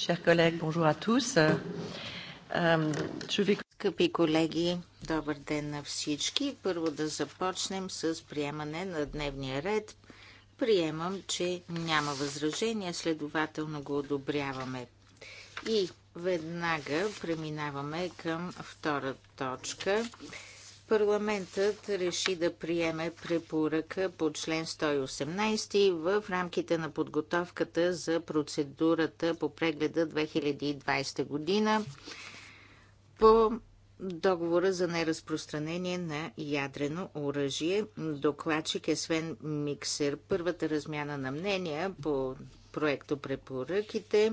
Chers collègues, bonjour à tous. Euh, Скъпи колеги, добър ден на всички. Първо да започнем с приемане на дневния ред. Приемам, че няма възражения, следователно го одобряваме. И веднага преминаваме към втора точка Парламентът реши да приеме препоръка по член 118 в рамките на подготовката за процедурата по прегледа 2020 година по договора за неразпространение на ядрено оръжие. Докладчик е Свен Миксер. Първата размяна на мнения по проекто препоръките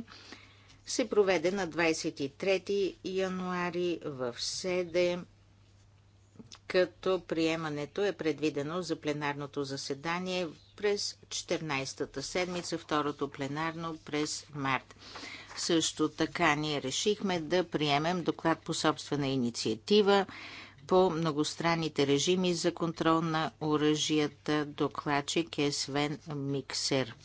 се проведе на 23 януари в 7 като приемането е предвидено за пленарното заседание през 14-та седмица, второто пленарно през март. Също така ние решихме да приемем доклад по собствена инициатива по многостранните режими за контрол на оръжията. Докладчик е Свен Миксер.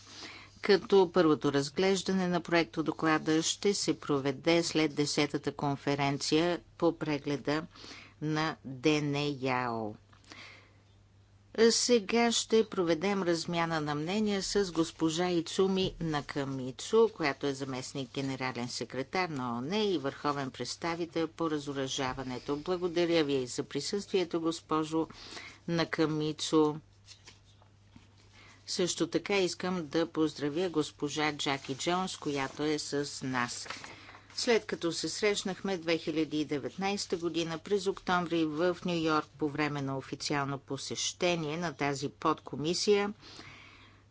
Като първото разглеждане на проекто доклада ще се проведе след 10-та конференция по прегледа на ДНЯО. Сега ще проведем размяна на мнения с госпожа Ицуми Накамицу, която е заместник генерален секретар на ОНЕ и върховен представител по разоръжаването. Благодаря ви за присъствието, госпожо Накамицу. Също така искам да поздравя госпожа Джаки Джонс, която е с нас след като се срещнахме 2019 година през октомври в Нью Йорк по време на официално посещение на тази подкомисия.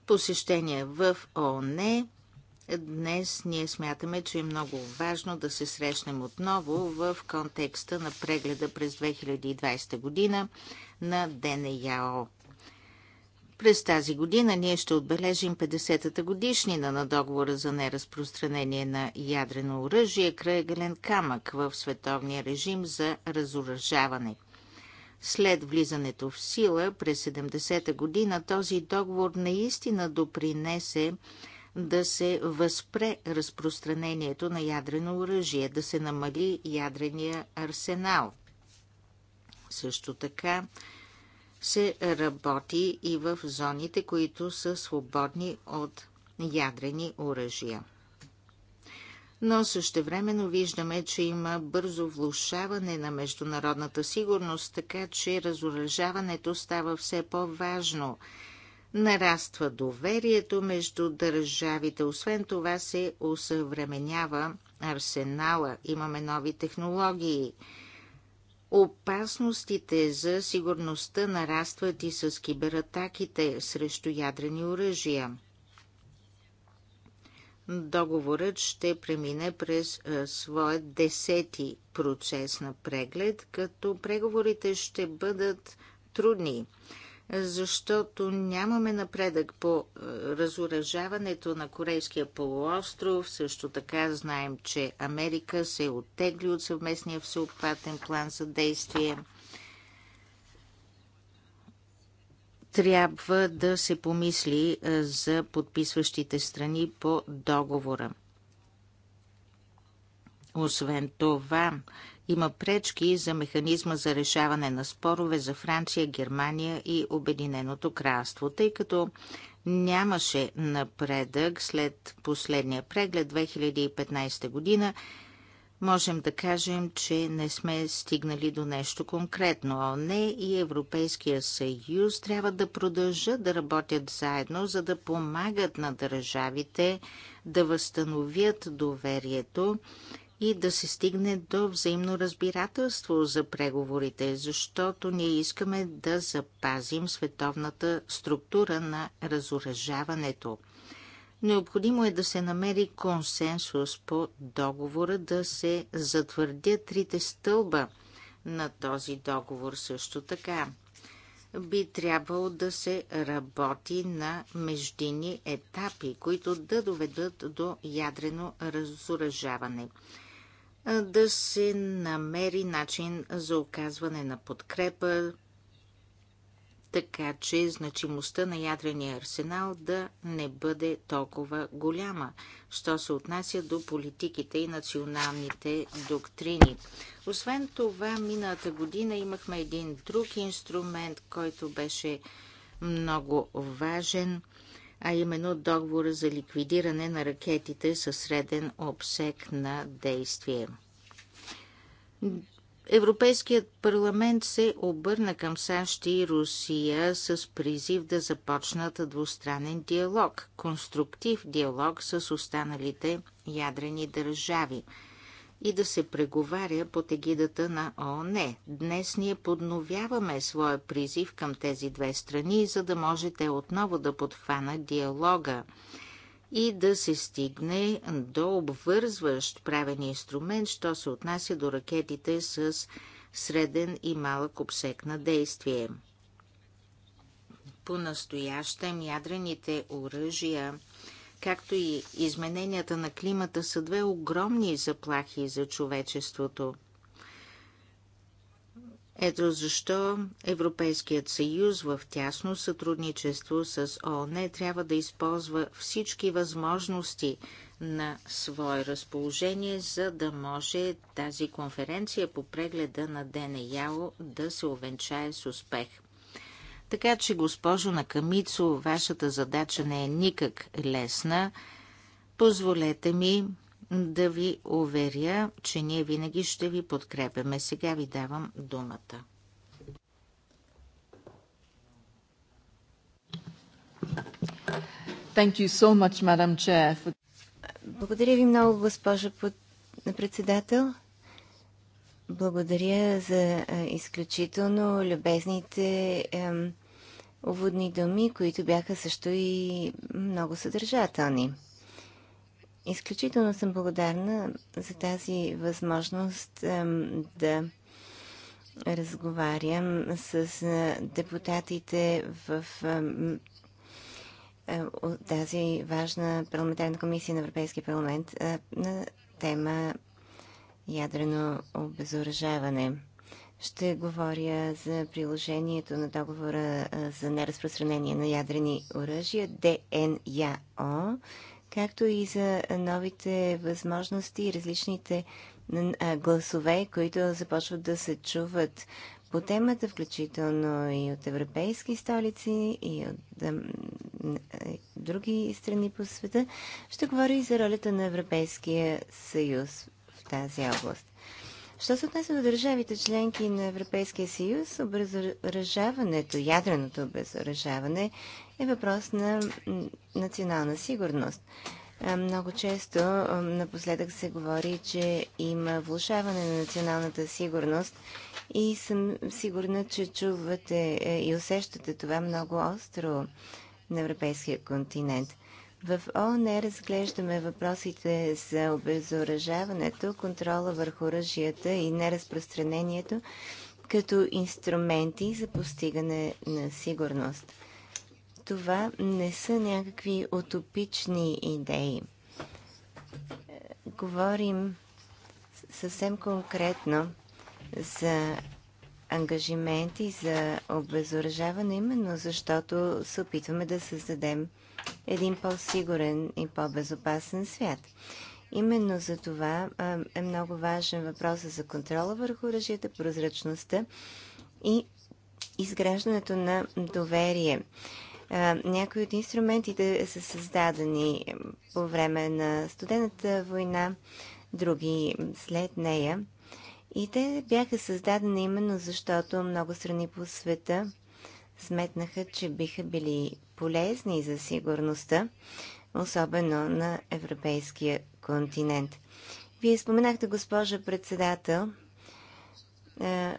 Посещение в ООН. Днес ние смятаме, че е много важно да се срещнем отново в контекста на прегледа през 2020 година на ДНЯО. Е през тази година ние ще отбележим 50-та годишнина на договора за неразпространение на ядрено оръжие, крайгален камък в световния режим за разоръжаване. След влизането в сила през 70-та година този договор наистина допринесе да се възпре разпространението на ядрено оръжие, да се намали ядрения арсенал. Също така се работи и в зоните, които са свободни от ядрени оръжия. Но същевременно виждаме, че има бързо влушаване на международната сигурност, така че разоръжаването става все по-важно. Нараства доверието между държавите. Освен това се усъвременява арсенала. Имаме нови технологии – Опасностите за сигурността нарастват и с кибератаките срещу ядрени оръжия. Договорът ще премине през своят десети процес на преглед, като преговорите ще бъдат трудни защото нямаме напредък по е, разоръжаването на Корейския полуостров. Също така знаем, че Америка се оттегли от съвместния всеобхватен план за действие. Трябва да се помисли е, за подписващите страни по договора. Освен това, има пречки за механизма за решаване на спорове за Франция, Германия и Обединеното кралство, тъй като нямаше напредък след последния преглед 2015 година. Можем да кажем, че не сме стигнали до нещо конкретно. а не и Европейския съюз трябва да продължат да работят заедно, за да помагат на държавите да възстановят доверието и да се стигне до взаимно разбирателство за преговорите, защото ние искаме да запазим световната структура на разоръжаването. Необходимо е да се намери консенсус по договора, да се затвърдят трите стълба на този договор също така. Би трябвало да се работи на междинни етапи, които да доведат до ядрено разоръжаване да се намери начин за оказване на подкрепа, така че значимостта на ядрения арсенал да не бъде толкова голяма, що се отнася до политиките и националните доктрини. Освен това, миналата година имахме един друг инструмент, който беше много важен – а именно договора за ликвидиране на ракетите със среден обсек на действие. Европейският парламент се обърна към САЩ и Русия с призив да започнат двустранен диалог, конструктив диалог с останалите ядрени държави – и да се преговаря под егидата на ООН. Днес ние подновяваме своя призив към тези две страни, за да можете отново да подхвана диалога и да се стигне до обвързващ правен инструмент, що се отнася до ракетите с среден и малък обсек на действие. По-настоящем ядрените оръжия както и измененията на климата са две огромни заплахи за човечеството. Ето защо Европейският съюз в тясно сътрудничество с ООН трябва да използва всички възможности на свое разположение, за да може тази конференция по прегледа на ДНЯО да се увенчае с успех. Така че, госпожо Накамицо, вашата задача не е никак лесна. Позволете ми да ви уверя, че ние винаги ще ви подкрепяме. Сега ви давам думата. Thank you so much, Madam Chair. For... Благодаря ви много, госпожа председател. Благодаря за изключително любезните уводни думи, които бяха също и много съдържателни. Изключително съм благодарна за тази възможност да разговарям с депутатите в е, тази важна парламентарна комисия на Европейския парламент е, на тема ядрено обезоръжаване. Ще говоря за приложението на договора за неразпространение на ядрени оръжия ДНЯО, както и за новите възможности и различните гласове, които започват да се чуват по темата, включително и от европейски столици и от е, други страни по света. Ще говоря и за ролята на Европейския съюз тази област. Що се отнесе до държавите членки на Европейския съюз, обезоръжаването, ядреното обезоръжаване е въпрос на национална сигурност. Много често напоследък се говори, че има влушаване на националната сигурност и съм сигурна, че чувате е, и усещате това много остро на европейския континент – в ООН разглеждаме въпросите за обезоръжаването, контрола върху оръжията и неразпространението като инструменти за постигане на сигурност. Това не са някакви утопични идеи. Говорим съвсем конкретно за ангажименти за обезоръжаване, именно защото се опитваме да създадем един по-сигурен и по-безопасен свят. Именно за това е много важен въпросът за контрола върху оръжията, прозрачността и изграждането на доверие. Някои от инструментите са създадени по време на студената война, други след нея. И те бяха създадени именно защото много страни по света сметнаха, че биха били полезни за сигурността, особено на европейския континент. Вие споменахте, госпожа председател, е,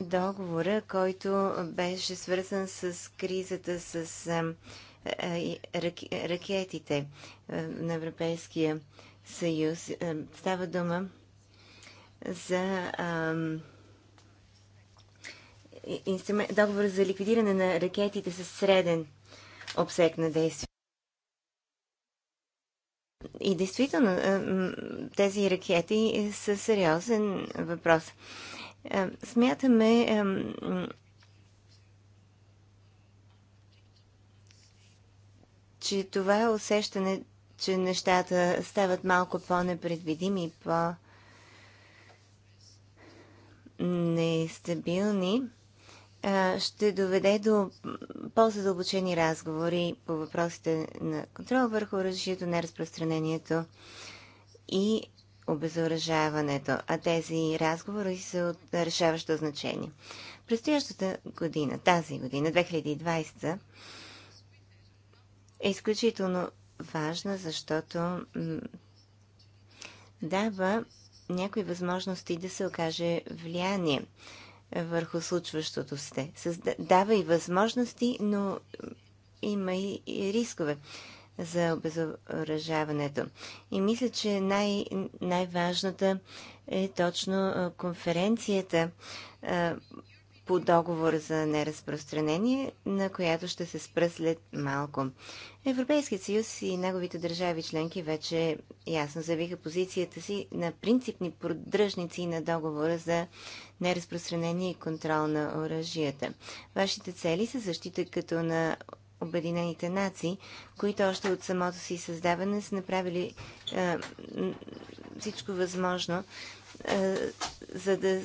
договора, който беше свързан с кризата с е, е, ракетите на Европейския съюз. Става дума за договор за ликвидиране на ракетите с среден обсек на действие. И действително, е, тези ракети са сериозен въпрос. Е, смятаме, е, че това е усещане, че нещата стават малко по-непредвидими, по-нестабилни ще доведе до по-задълбочени разговори по въпросите на контрол върху оръжието, неразпространението и обезоръжаването, а тези разговори са от решаващо значение. Предстоящата година, тази година, 2020, е изключително важна, защото дава някои възможности да се окаже влияние върху случващото се. Дава и възможности, но има и рискове за обезоръжаването. И мисля, че най- най-важната е точно конференцията по договор за неразпространение, на която ще се спра след малко. Европейският съюз и неговите държави членки вече ясно завиха позицията си на принципни поддръжници на договора за неразпространение и контрол на оръжията. Вашите цели са защита като на Обединените нации, които още от самото си създаване са направили е, всичко възможно, е, за да е,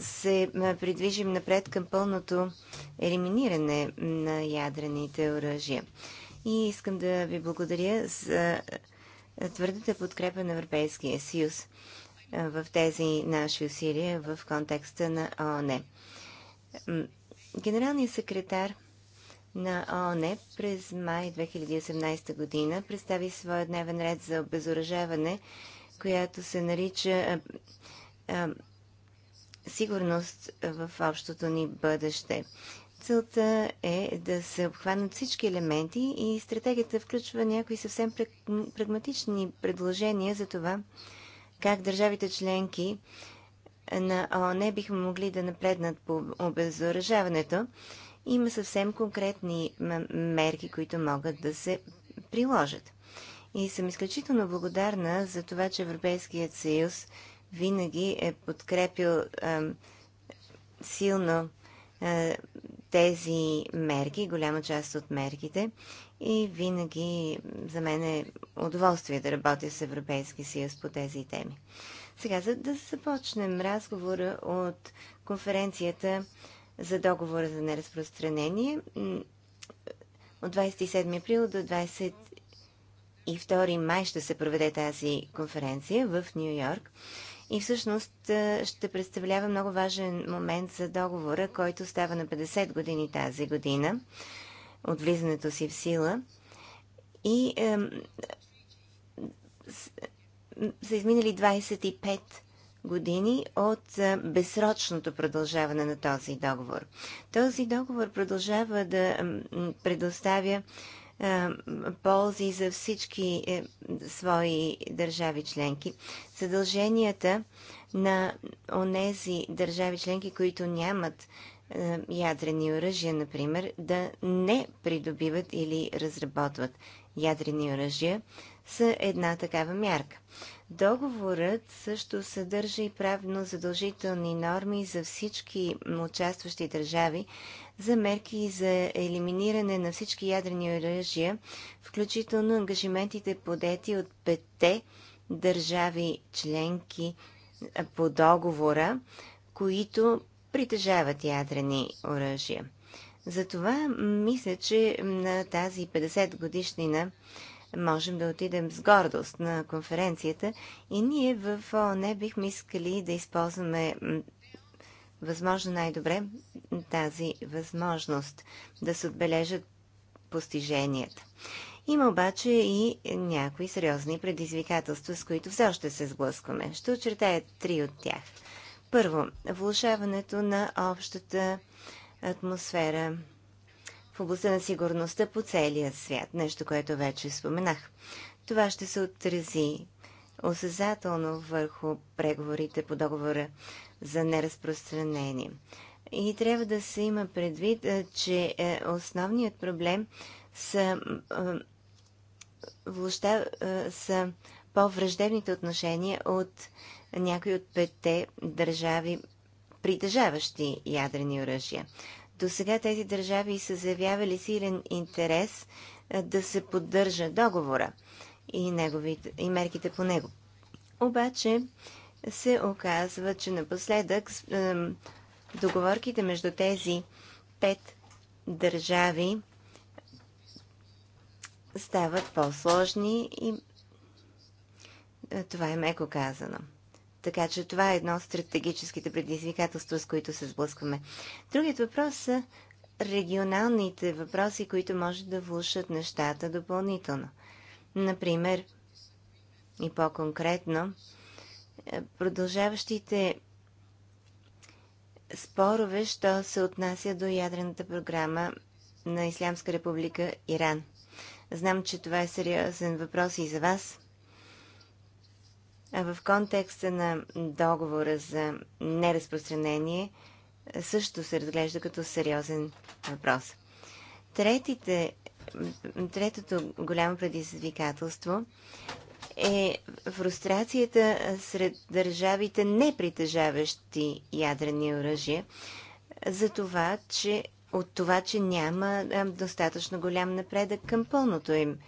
се придвижим напред към пълното елиминиране на ядрените оръжия. И искам да ви благодаря за е, твърдата подкрепа на Европейския съюз е, в тези наши усилия в контекста на ООН. Генералният секретар на ООН през май 2018 година представи своя дневен ред за обезоръжаване, която се нарича е, сигурност в общото ни бъдеще. Целта е да се обхванат всички елементи и стратегията включва някои съвсем прагматични предложения за това как държавите членки на ООН бихме могли да напреднат по обезоръжаването. Има съвсем конкретни мерки, които могат да се приложат. И съм изключително благодарна за това, че Европейският съюз – винаги е подкрепил силно тези мерки, голяма част от мерките и винаги за мен е удоволствие да работя с Европейски съюз по тези теми. Сега, за да започнем разговора от конференцията за договора за неразпространение от 27 април до 22 май ще се проведе тази конференция в Нью Йорк и всъщност ще представлява много важен момент за договора, който става на 50 години тази година от влизането си в сила. И е, са изминали 25 години от безсрочното продължаване на този договор. Този договор продължава да предоставя е, ползи за всички е, свои държави членки. Задълженията на онези държави членки, които нямат е, ядрени оръжия, например, да не придобиват или разработват ядрени оръжия, са една такава мярка. Договорът също съдържа и правно задължителни норми за всички участващи държави за мерки за елиминиране на всички ядрени оръжия, включително ангажиментите подети от петте държави членки по договора, които притежават ядрени оръжия. Затова мисля, че на тази 50 годишнина можем да отидем с гордост на конференцията и ние в ООН бихме искали да използваме възможно най-добре тази възможност да се отбележат постиженията. Има обаче и някои сериозни предизвикателства, с които все още се сблъскваме. Ще очертая три от тях. Първо, влушаването на общата атмосфера в областта на сигурността по целия свят, нещо, което вече споменах. Това ще се отрази осезателно върху преговорите по договора за неразпространение. И трябва да се има предвид, че е, основният проблем са, влъща, са по-враждебните отношения от някои от петте държави, притежаващи ядрени оръжия. До сега тези държави са заявявали силен интерес да се поддържа договора и, неговите, и мерките по него. Обаче се оказва, че напоследък договорките между тези пет държави стават по-сложни и е, това е меко казано. Така че това е едно от стратегическите предизвикателства, с които се сблъскваме. Другият въпрос са регионалните въпроси, които може да влушат нещата допълнително. Например, и по-конкретно, е, продължаващите спорове, що се отнася до ядрената програма на Ислямска република Иран. Знам, че това е сериозен въпрос и за вас. А в контекста на договора за неразпространение също се разглежда като сериозен въпрос. Третите третото голямо предизвикателство е фрустрацията сред държавите, не притежаващи ядрени оръжия, за това, че от това, че няма достатъчно голям напредък към пълното им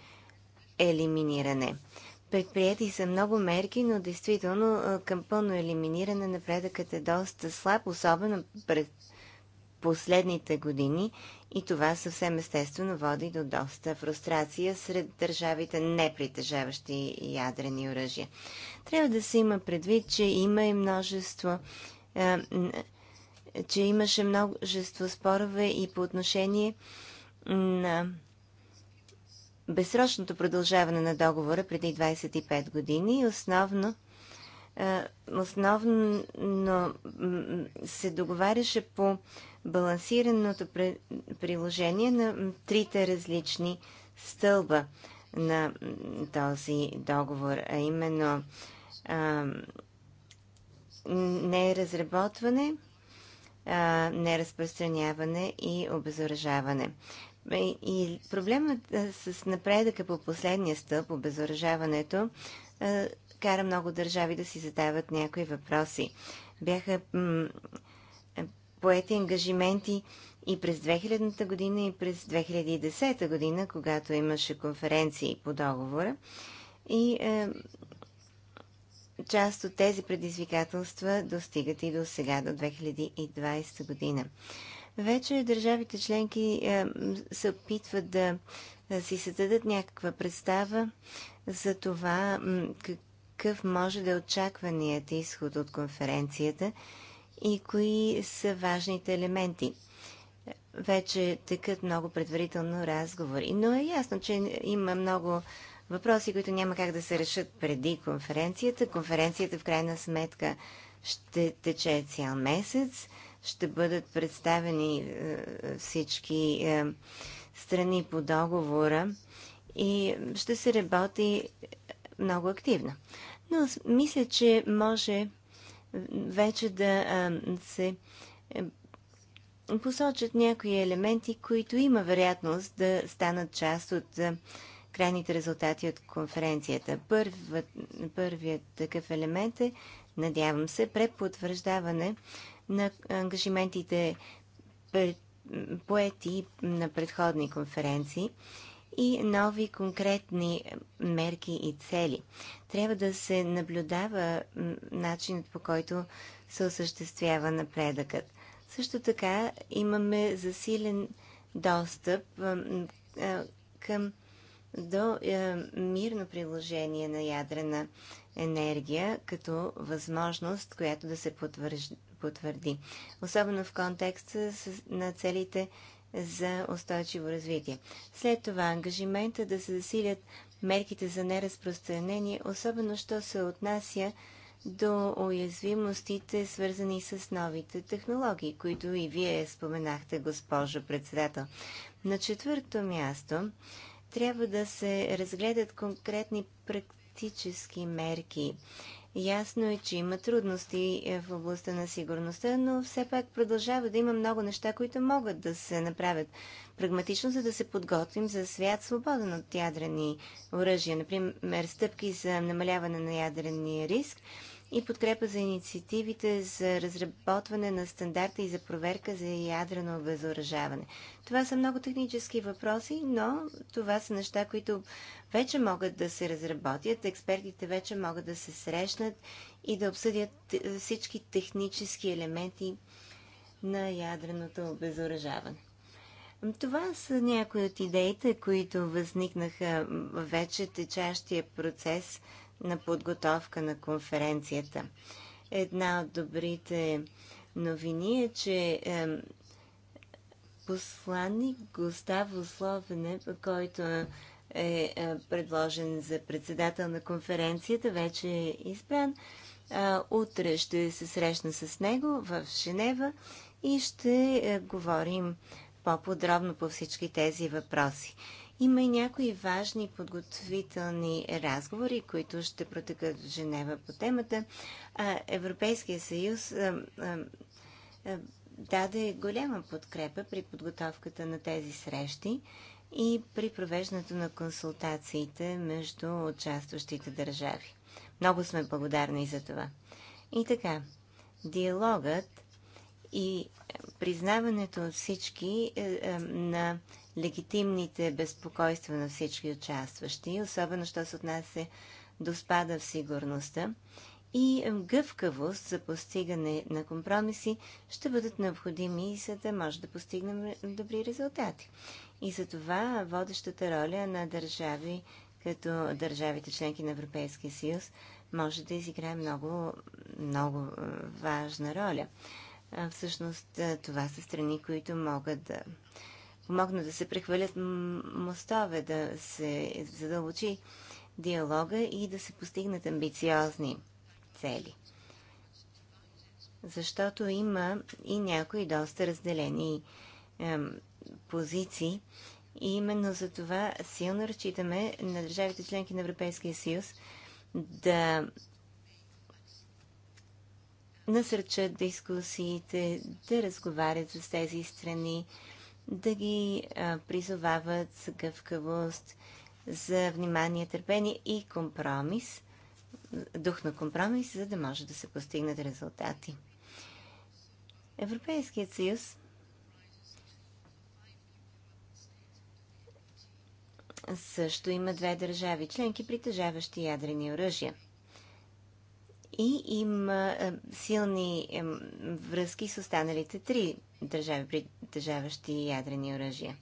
елиминиране. Предприяти са много мерки, но действително към пълно елиминиране напредъкът е доста слаб, особено пред последните години и това съвсем естествено води до доста фрустрация сред държавите, не притежаващи ядрени оръжия. Трябва да се има предвид, че има и множество е, че имаше множество спорове и по отношение на безсрочното продължаване на договора преди 25 години, основно е, основно се договаряше по балансираното приложение на трите различни стълба на този договор, а именно неразработване, неразпространяване и обезоръжаване. И проблемът с напредъка по последния стълб, обезоръжаването, кара много държави да си задават някои въпроси. Бяха поети ангажименти и през 2000-та година, и през 2010 година, когато имаше конференции по договора. И е, част от тези предизвикателства достигат и до сега, до 2020 година. Вече държавите членки е, се опитват да си създадат някаква представа за това как, какъв може да е очакваният изход от конференцията и кои са важните елементи. Вече текат много предварително разговори, но е ясно, че има много въпроси, които няма как да се решат преди конференцията. Конференцията в крайна сметка ще тече цял месец, ще бъдат представени е, всички е, страни по договора и ще се работи много активна. Но мисля, че може вече да се е, посочат някои елементи, които има вероятност да станат част от крайните резултати от конференцията. Първият, първият такъв елемент е, надявам се, препотвърждаване на ангажиментите поети на предходни конференции и нови конкретни мерки и цели. Трябва да се наблюдава начинът по който се осъществява напредъкът. Също така имаме засилен достъп към до е, мирно приложение на ядрена енергия като възможност, която да се потвърди. Особено в контекста с, на целите за устойчиво развитие. След това ангажимента да се засилят мерките за неразпространение, особено що се отнася до уязвимостите, свързани с новите технологии, които и вие споменахте, госпожо председател. На четвърто място трябва да се разгледат конкретни практически мерки Ясно е, че има трудности е, в областта на сигурността, но все пак продължава да има много неща, които могат да се направят прагматично, за да се подготвим за свят свободен от ядрени оръжия. Например, стъпки за намаляване на ядрения риск и подкрепа за инициативите за разработване на стандарта и за проверка за ядрено обезоръжаване. Това са много технически въпроси, но това са неща, които вече могат да се разработят. Експертите вече могат да се срещнат и да обсъдят е, всички технически елементи на ядреното обезоръжаване. Това са някои от идеите, които възникнаха вече течащия процес – на подготовка на конференцията. Една от добрите новини е, че е, посланник Густаво Словене, който е, е предложен за председател на конференцията, вече е избран. Е, утре ще се срещна с него в Женева и ще е, говорим по-подробно по всички тези въпроси. Има и някои важни подготовителни разговори, които ще протекат в Женева по темата. Европейския съюз даде голяма подкрепа при подготовката на тези срещи и при провеждането на консултациите между участващите държави. Много сме благодарни за това. И така, диалогът и признаването от всички е, е, на легитимните безпокойства на всички участващи, особено що се отнася до спада в сигурността и гъвкавост за постигане на компромиси ще бъдат необходими, за да може да постигнем добри резултати. И за това водещата роля на държави, като държавите членки на Европейския съюз, може да изиграе много, много е, важна роля. Всъщност е, това са страни, които могат да помогна да се прехвърлят мостове, да се задълбочи диалога и да се постигнат амбициозни цели. Защото има и някои доста разделени ем, позиции. И именно за това силно разчитаме на държавите членки на Европейския съюз да насърчат дискусиите, да разговарят с тези страни, да ги призовават с гъвкавост, за внимание, търпение и компромис, дух на компромис, за да може да се постигнат резултати. Европейският съюз също има две държави членки, притежаващи ядрени оръжия. И има силни връзки с останалите три държави, притежаващи ядрени оръжия.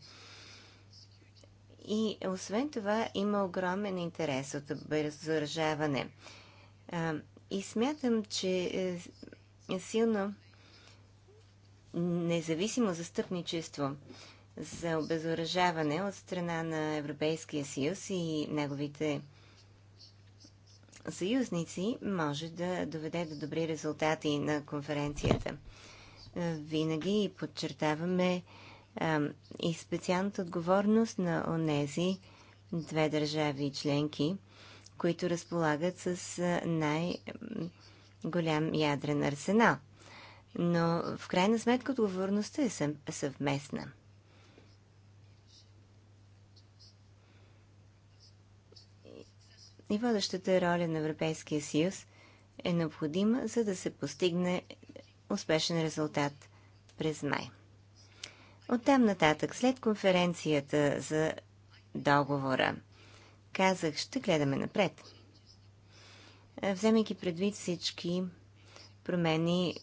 И освен това има огромен интерес от обезоръжаване. И смятам, че е силно независимо застъпничество за обезоръжаване от страна на Европейския съюз и неговите съюзници може да доведе до добри резултати на конференцията. Е, винаги подчертаваме е, и специалната отговорност на онези две държави и членки, които разполагат с е, най-голям ядрен арсенал. Но в крайна сметка отговорността е съвместна. И водещата роля на Европейския съюз е необходима, за да се постигне успешен резултат през май. Оттам нататък, след конференцията за договора, казах, ще гледаме напред. Е, вземайки предвид всички промени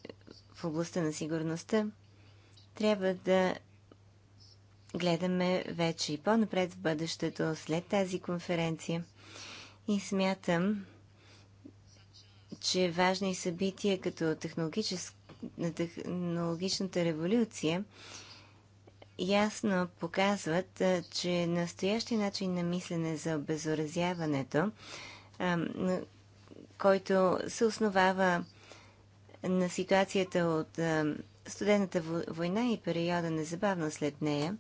в областта на сигурността, трябва да гледаме вече и по-напред в бъдещето, след тази конференция. И смятам, че важни събития като технологическа на технологичната революция ясно показват, че настоящия начин на мислене за обезоразяването, който се основава на ситуацията от студената война и периода незабавно след нея,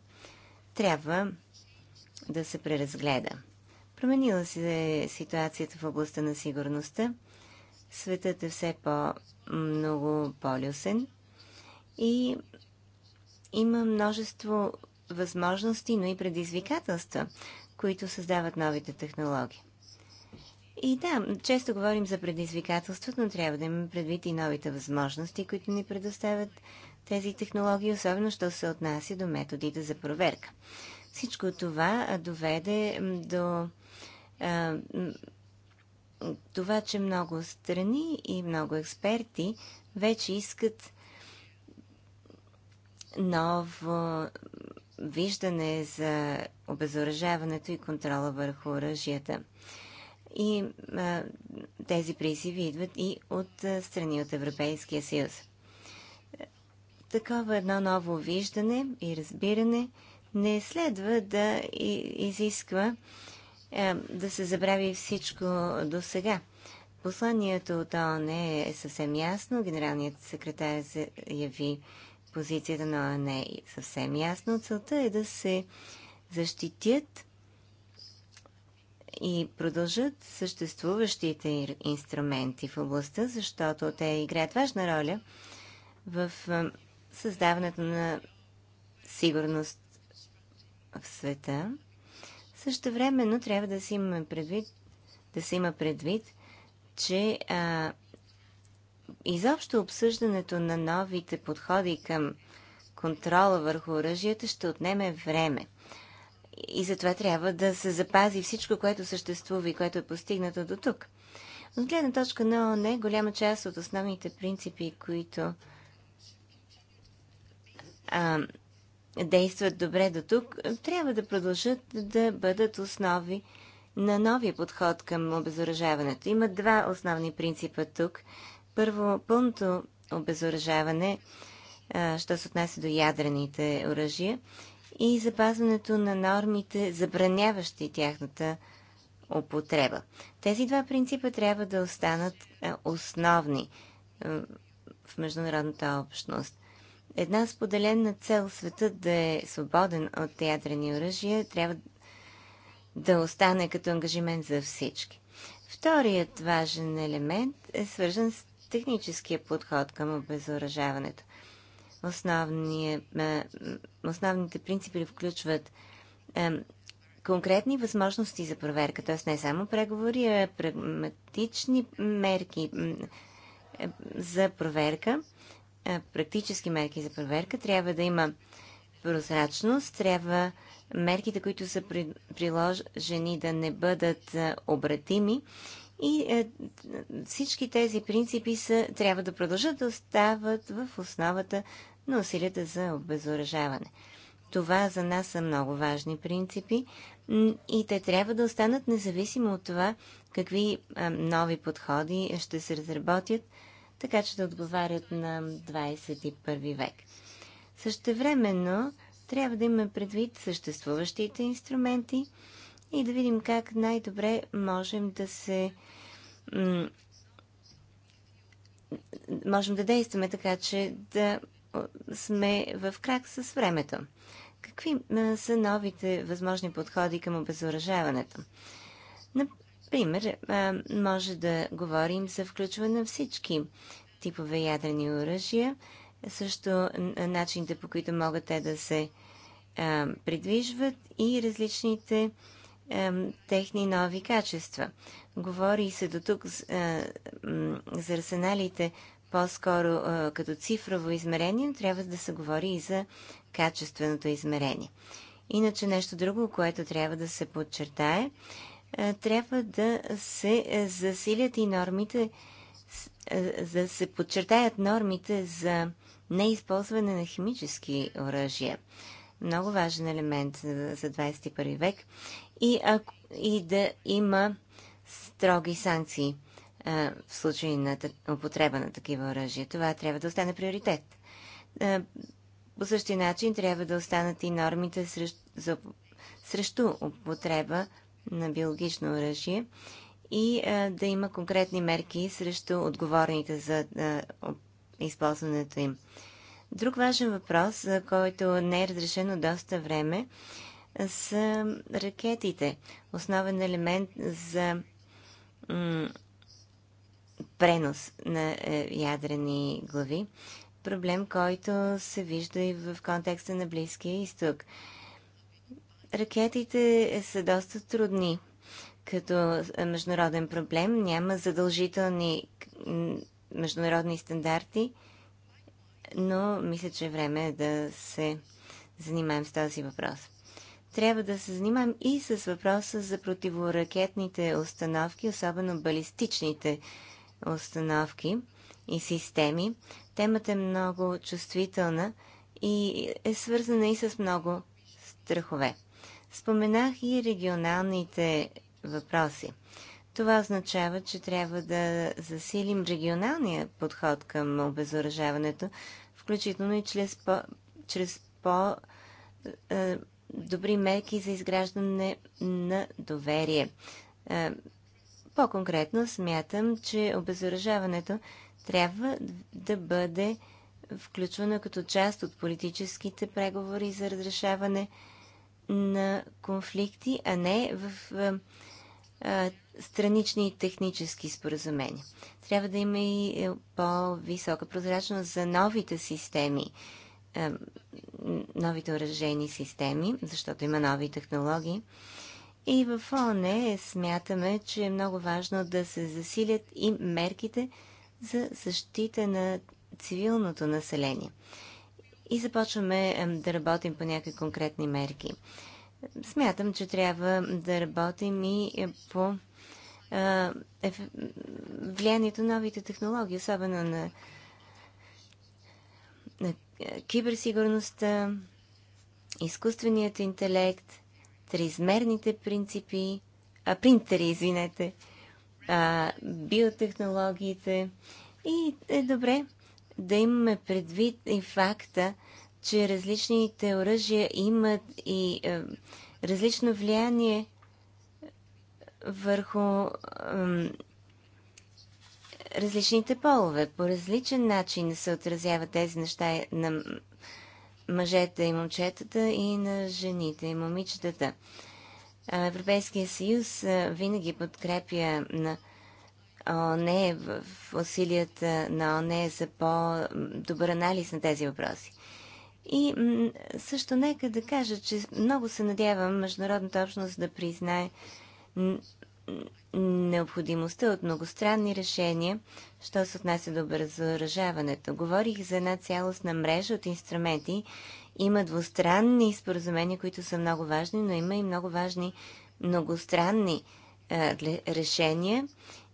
трябва да се преразгледа. Променила се ситуацията в областта на сигурността Светът е все по-много полюсен и има множество възможности, но и предизвикателства, които създават новите технологии. И да, често говорим за предизвикателства, но трябва да имаме предвид и новите възможности, които ни предоставят тези технологии, особено що се отнася до методите за проверка. Всичко това доведе до а, това, че много страни и много експерти вече искат ново виждане за обезоръжаването и контрола върху оръжията. И а, тези призиви идват и от а, страни от Европейския съюз. Такова едно ново виждане и разбиране не следва да изисква е, да се забрави всичко до сега. Посланието от ООН е съвсем ясно. Генералният секретар заяви позицията на ООН е съвсем ясно. Целта е да се защитят и продължат съществуващите инструменти в областта, защото те играят важна роля в е, създаването на сигурност в света също времено трябва да се има предвид, да се има предвид че а, изобщо обсъждането на новите подходи към контрола върху оръжията ще отнеме време. И затова трябва да се запази всичко, което съществува и което е постигнато до тук. От гледна точка на ООН, голяма част от основните принципи, които а, действат добре до тук, трябва да продължат да бъдат основи на новия подход към обезоръжаването. Има два основни принципа тук. Първо, пълното обезоръжаване, що се отнася до ядрените оръжия, и запазването на нормите, забраняващи тяхната употреба. Тези два принципа трябва да останат основни в международната общност една споделена цел светът да е свободен от ядрени оръжия трябва да остане като ангажимент за всички. Вторият важен елемент е свързан с техническия подход към обезоръжаването. основните принципи включват е, конкретни възможности за проверка, т.е. не само преговори, а прагматични мерки за проверка практически мерки за проверка. Трябва да има прозрачност, трябва мерките, които са приложени да не бъдат обратими и всички тези принципи са, трябва да продължат да остават в основата на усилията за обезоръжаване. Това за нас са много важни принципи и те трябва да останат независимо от това какви нови подходи ще се разработят – така че да отговарят на 21 век. Същевременно трябва да имаме предвид съществуващите инструменти и да видим как най-добре можем да се можем да действаме така, че да сме в крак с времето. Какви са новите възможни подходи към обезоръжаването? Пример, може да говорим за включване на всички типове ядрени оръжия, също начините по които могат те да се придвижват и различните техни нови качества. Говори се до тук за арсеналите по-скоро като цифрово измерение, но трябва да се говори и за качественото измерение. Иначе нещо друго, което трябва да се подчертае, трябва да се засилят и нормите, да се подчертаят нормите за неизползване на химически оръжия. Много важен елемент за 21 век. И, ако и да има строги санкции а, в случай на употреба на такива оръжия. Това трябва да остане приоритет. А, по същия начин трябва да останат и нормите срещу, за, срещу употреба на биологично оръжие и а, да има конкретни мерки срещу отговорните за а, използването им. Друг важен въпрос, за който не е разрешено доста време, са ракетите. Основен елемент за пренос на е, ядрени глави. Проблем, който се вижда и в контекста на Близкия изток ракетите са доста трудни като е, международен проблем. Няма задължителни международни стандарти, но мисля, че е време да се занимаем с този въпрос. Трябва да се занимаем и с въпроса за противоракетните установки, особено балистичните установки и системи. Темата е много чувствителна и е свързана и с много страхове. Споменах и регионалните въпроси. Това означава, че трябва да засилим регионалния подход към обезоръжаването, включително и чрез по, чрез по е, добри мерки за изграждане на доверие. Е, по-конкретно смятам, че обезоръжаването трябва да бъде включвано като част от политическите преговори за разрешаване на конфликти, а не в а, странични технически споразумения. Трябва да има и е, по-висока прозрачност за новите системи, а, новите уражени системи, защото има нови технологии. И в ООН смятаме, че е много важно да се засилят и мерките за защита на цивилното население и започваме да работим по някакви конкретни мерки. Смятам, че трябва да работим и е, по е, влиянието на новите технологии, особено на, на е, киберсигурността, изкуственият интелект, триизмерните принципи, а, принтери, извинете, а, биотехнологиите. И е добре да имаме предвид и факта, че различните оръжия имат и е, различно влияние върху е, различните полове. По различен начин се отразяват тези неща на мъжете и момчетата и на жените и момичетата. Европейския съюз винаги подкрепя на ОНЕ, в усилията на ОНЕ за по-добър анализ на тези въпроси. И също нека да кажа, че много се надявам международната общност да признае необходимостта от многостранни решения, що се отнася до разоръжаването. Говорих за една цялостна мрежа от инструменти. Има двустранни споразумения, които са много важни, но има и много важни многостранни решения.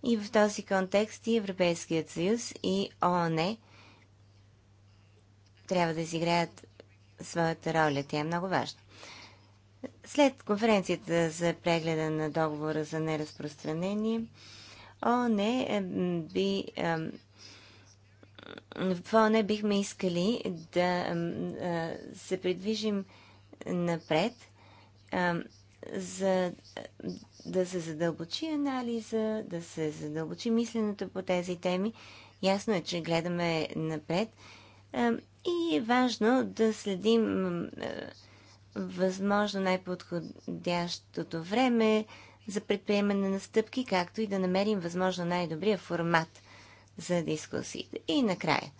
И в този контекст и Европейският съюз и ООН трябва да изиграят своята роля. Тя е много важна. След конференцията за прегледа на договора за неразпространение, ООН е, би в ООН бихме искали да се придвижим напред, за да се задълбочи анализа, да се задълбочи мисленето по тези теми. Ясно е, че гледаме напред и е важно да следим възможно най-подходящото време за предприемане на стъпки, както и да намерим възможно най-добрия формат за дискусиите. И накрая,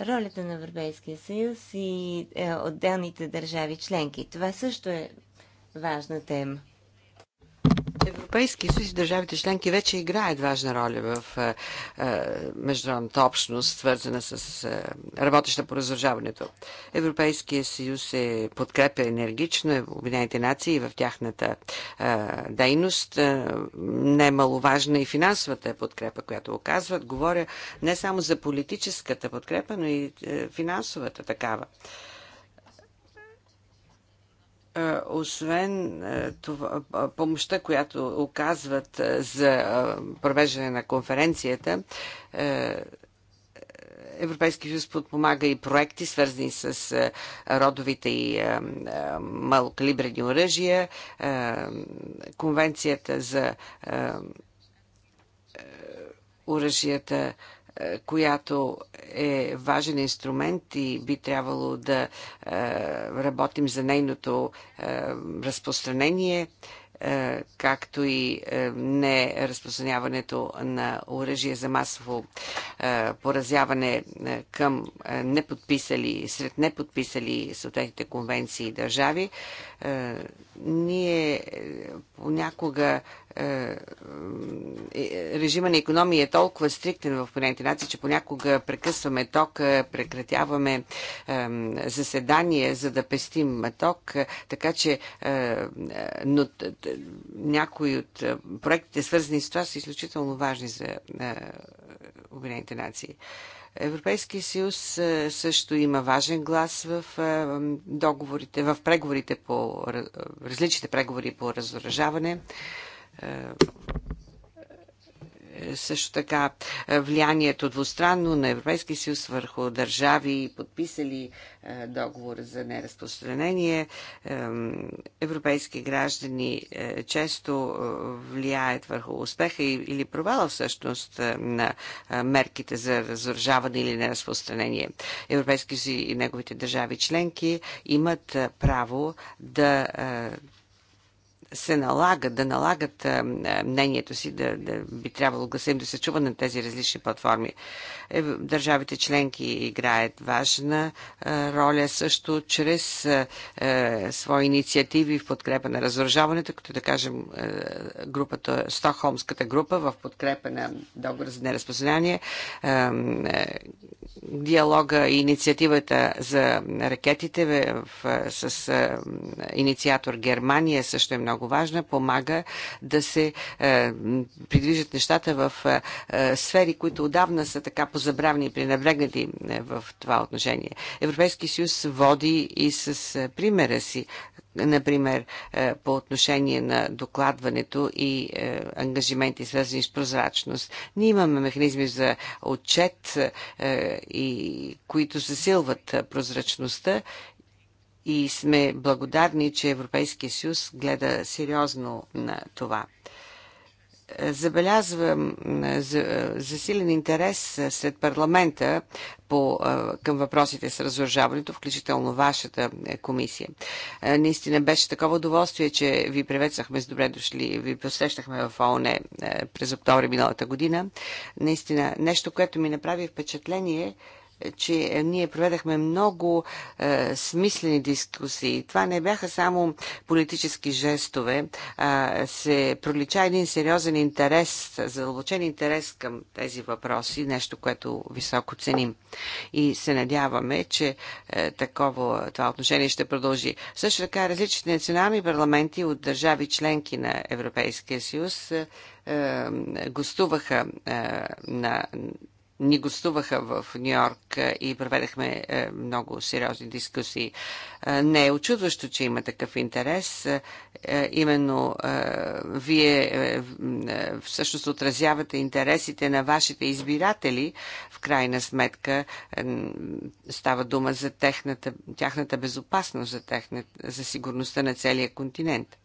ролята на Европейския съюз и е, отделните държави членки. Това също е важна тема. Европейския съюз и държавите членки вече играят важна роля в е, е, международната общност, свързана с е, работеща по разрушаването. Европейския съюз се подкрепя енергично Обединените нации в тяхната дейност. Немаловажна и финансовата подкрепа, която оказват. Говоря не само за политическата подкрепа, но и финансовата такава. Е, освен е, това, е, помощта, която оказват за провеждане на конференцията, Европейски съюз подпомага и проекти, свързани с родовите и малокалибрени оръжия, конвенцията за оръжията която е важен инструмент и би трябвало да е, работим за нейното е, разпространение, е, както и не разпространяването на оръжие за масово поразяване към неподписали, сред неподписали съответните конвенции и държави ние е, понякога е, е, режима на економия е толкова стриктен в Обединените нации, че понякога прекъсваме тока, прекратяваме е, заседание, за да пестим ток, така че е, е но, някои от проектите, свързани с това, са изключително важни за Обединените нации. Европейския съюз е, също има важен глас в е, договорите, в преговорите по различните преговори по разоръжаване. Е, е, също така е, влиянието двустранно на Европейския съюз върху държави, подписали е, договор за неразпространение. Европейски граждани често влияят върху успеха или провала всъщност на мерките за разоръжаване или неразпространение. Европейски съюз и неговите държави членки имат право да се налагат, да налагат мнението си, да, да би трябвало гласа им да се чува на тези различни платформи. Е, държавите членки играят важна роля също чрез свои инициативи в подкрепа на разоръжаването, като да кажем групата, Стокхолмската група в подкрепа на договор за неразпространение, диалога и инициативата за ракетите в, в, с инициатор Германия също е много важна. Помага да се е, придвижат нещата в е, сфери, които отдавна са така позабравни и пренебрегнати в това отношение. Европейски съюз води и с примера си например, е, по отношение на докладването и е, ангажименти, свързани с прозрачност. Ние имаме механизми за отчет, е, и, които засилват прозрачността и сме благодарни, че Европейския съюз гледа сериозно на това. Забелязвам е, е, засилен интерес е, сред парламента по, към въпросите с разоръжаването, включително вашата комисия. Наистина беше такова удоволствие, че ви приветствахме с добре дошли, ви посрещахме в ООН през октомври миналата година. Наистина, нещо, което ми направи впечатление, че ние проведахме много е, смислени дискусии. Това не бяха само политически жестове, а се пролича един сериозен интерес, задълбочен интерес към тези въпроси, нещо, което високо ценим. И се надяваме, че е, такова това отношение ще продължи. Също така различни национални парламенти от държави членки на Европейския съюз е, е гостуваха е, на ни гостуваха в Нью Йорк е, и проведахме е, много сериозни дискусии. Е, не е очудващо, че има такъв интерес. Именно вие всъщност отразявате интересите на вашите избиратели. В крайна сметка става дума за техната, тяхната безопасност, за, техната, за сигурността на целия континент.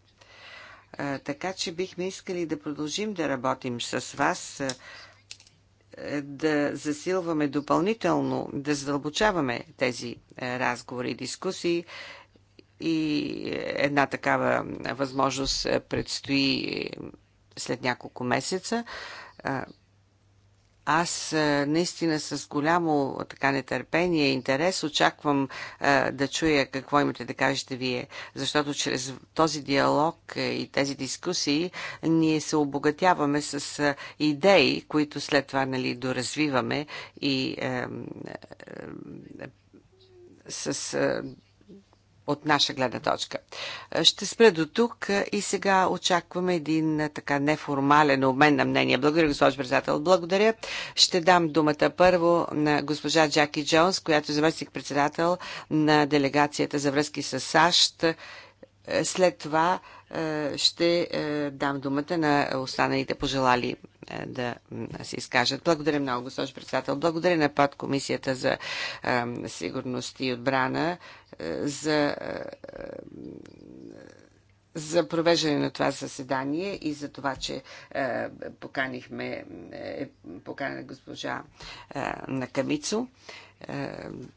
Така че бихме искали да продължим да работим с вас. Е, да засилваме допълнително, да задълбочаваме тези е, разговори и дискусии. И е, една такава възможност предстои след няколко месеца. Аз е, наистина с голямо така нетърпение и интерес очаквам а, е, да чуя какво имате да кажете вие, защото чрез този диалог е, и тези дискусии ние се обогатяваме с идеи, които след това нали, доразвиваме и а, а, с от наша гледна точка. Е, ще спра до тук и сега очакваме един е, така неформален обмен на мнение. Благодаря, госпожо председател. Благодаря. Ще дам думата първо на госпожа Джаки Джонс, която е заместник председател на делегацията за връзки с САЩ. Е, след това ще дам думата на останалите пожелали да се изкажат. Благодаря много, госпожо председател. Благодаря на подкомисията за сигурност и отбрана за, за провеждане на това заседание и за това, че е, поканихме е, покана госпожа е, Накамицо.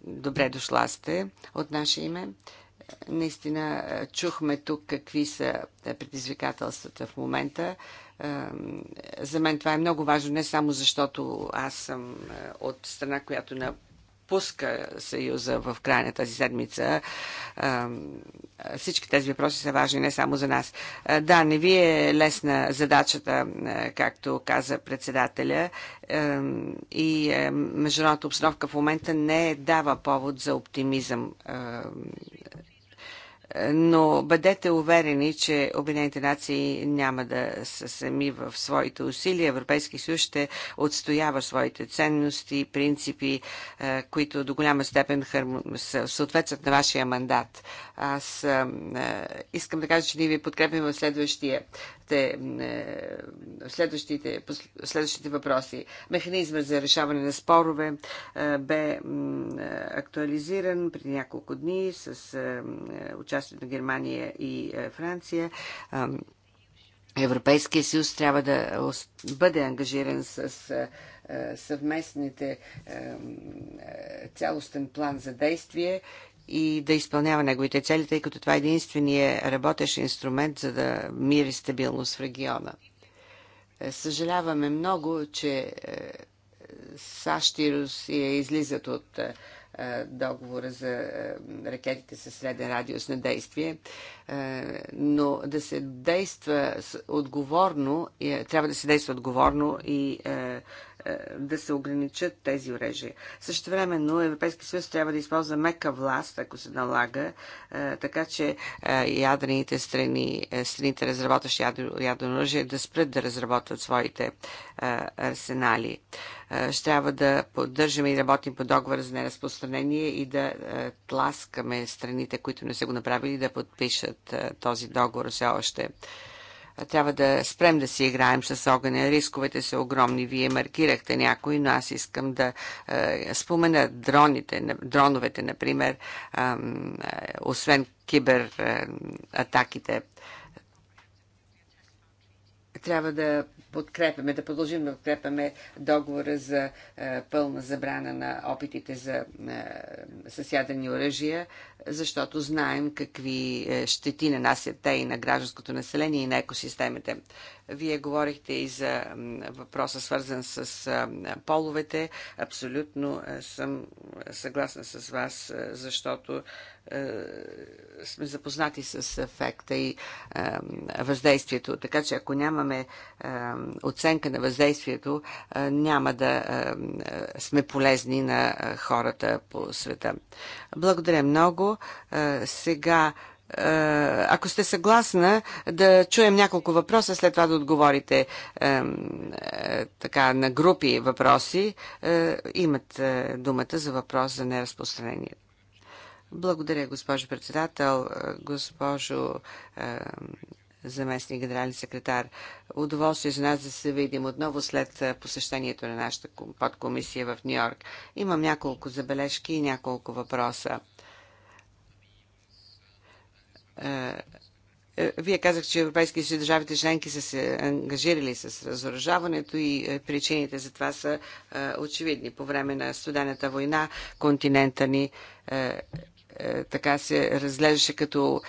Добре дошла сте от наше име. Наистина чухме тук какви са предизвикателствата в момента. За мен това е много важно, не само защото аз съм от страна, която на напуска Съюза в края на тази седмица. Всички тези въпроси са важни не само за нас. Да, не ви е лесна задачата, както каза председателя, и е, международната обстановка в момента не дава повод за оптимизъм но бъдете уверени, че Обединените нации няма да са сами в своите усилия. Европейски съюз ще отстоява своите ценности, принципи, които до голяма степен съответстват на вашия мандат. Аз а, искам да кажа, че ние ви подкрепим в следващия е, следващите, следващите въпроси. Механизмът за решаване на спорове бе актуализиран при няколко дни с участието на Германия и Франция. Европейския съюз трябва да бъде ангажиран с съвместните цялостен план за действие и да изпълнява неговите цели, тъй като това е единствения работещ инструмент за да мири стабилност в региона. Е, съжаляваме много, че е, САЩ и Русия излизат от е, договора за ракетите със среден радиус на действие, но да се действа отговорно, трябва да се действа отговорно и е, да се ограничат тези оръжия. Също времено Европейския съюз трябва да използва мека власт, ако се налага, е, така че е, ядрените страни, страните разработващи ядрено оръжие, да спрат да разработват своите арсенали. Ще трябва да поддържаме и работим по договор за неразпространение и да тласкаме страните, които не са го направили, да подпишат този договор все още трябва да спрем да си играем с огъня. Рисковете са огромни. Вие маркирахте някои, но аз искам да е, спомена дроните, дроновете, например, е, е, освен кибератаките. Е, трябва да подкрепяме, да продължим да подкрепяме договора за е, пълна забрана на опитите за е, съсядани оръжия, защото знаем какви е, щети нанасят те и на гражданското население и на екосистемите. Вие говорихте и за въпроса, свързан с половете. Абсолютно е, съм съгласна с вас, е, защото е, сме запознати с ефекта и въздействието. Така че ако нямаме оценка на въздействието, няма да сме полезни на хората по света. Благодаря много. Сега е, ако сте съгласна, да чуем няколко въпроса, след това да отговорите е, е, така, на групи въпроси. Е, имат е, думата за въпрос за неразпространение. Благодаря, госпожо председател, е, госпожо заместник генерален секретар. Удоволствие за нас да се видим отново след посещението на нашата подкомисия в Нью-Йорк. Имам няколко забележки и няколко въпроса. Е, е, вие казах, че Европейски си държавите членки са се ангажирали с разоръжаването и е, причините за това са очевидни. По време на студената война континента ни така се разглеждаше като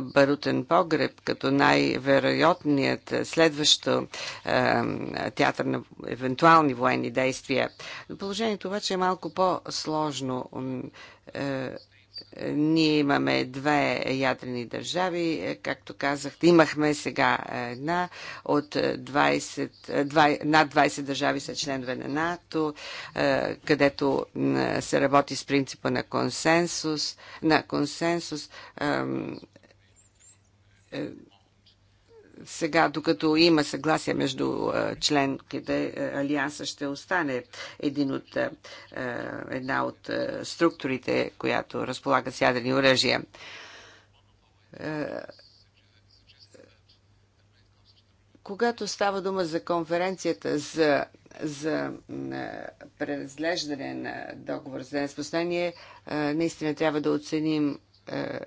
барутен погреб, като най-вероятният следващо театър на евентуални военни действия. Положението обаче е малко по-сложно ние имаме две ядрени държави, е, както казах, Имахме сега една от 20, 20, е, над 20 държави са членове на НАТО, е, където се работи с принципа на консенсус. На консенсус сега, докато има съгласие между членките, Алианса ще остане един от, една от структурите, която разполага с ядрени оръжия. Когато става дума за конференцията за, за преразглеждане на договор за ден наистина трябва да оценим е,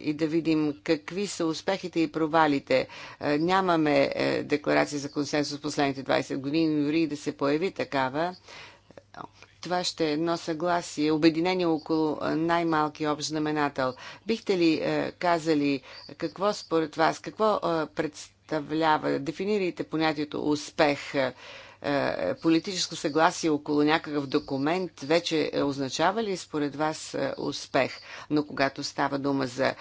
и да видим какви са успехите и провалите. Е, нямаме е, декларация за консенсус последните 20 години, дори да се появи такава. Това ще е едно съгласие, обединение около най-малки общ знаменател. Бихте ли казали какво според вас, какво представлява, дефинирайте понятието успех е, политическо съгласие около някакъв документ вече е означава ли според вас е, успех? Но когато става дума за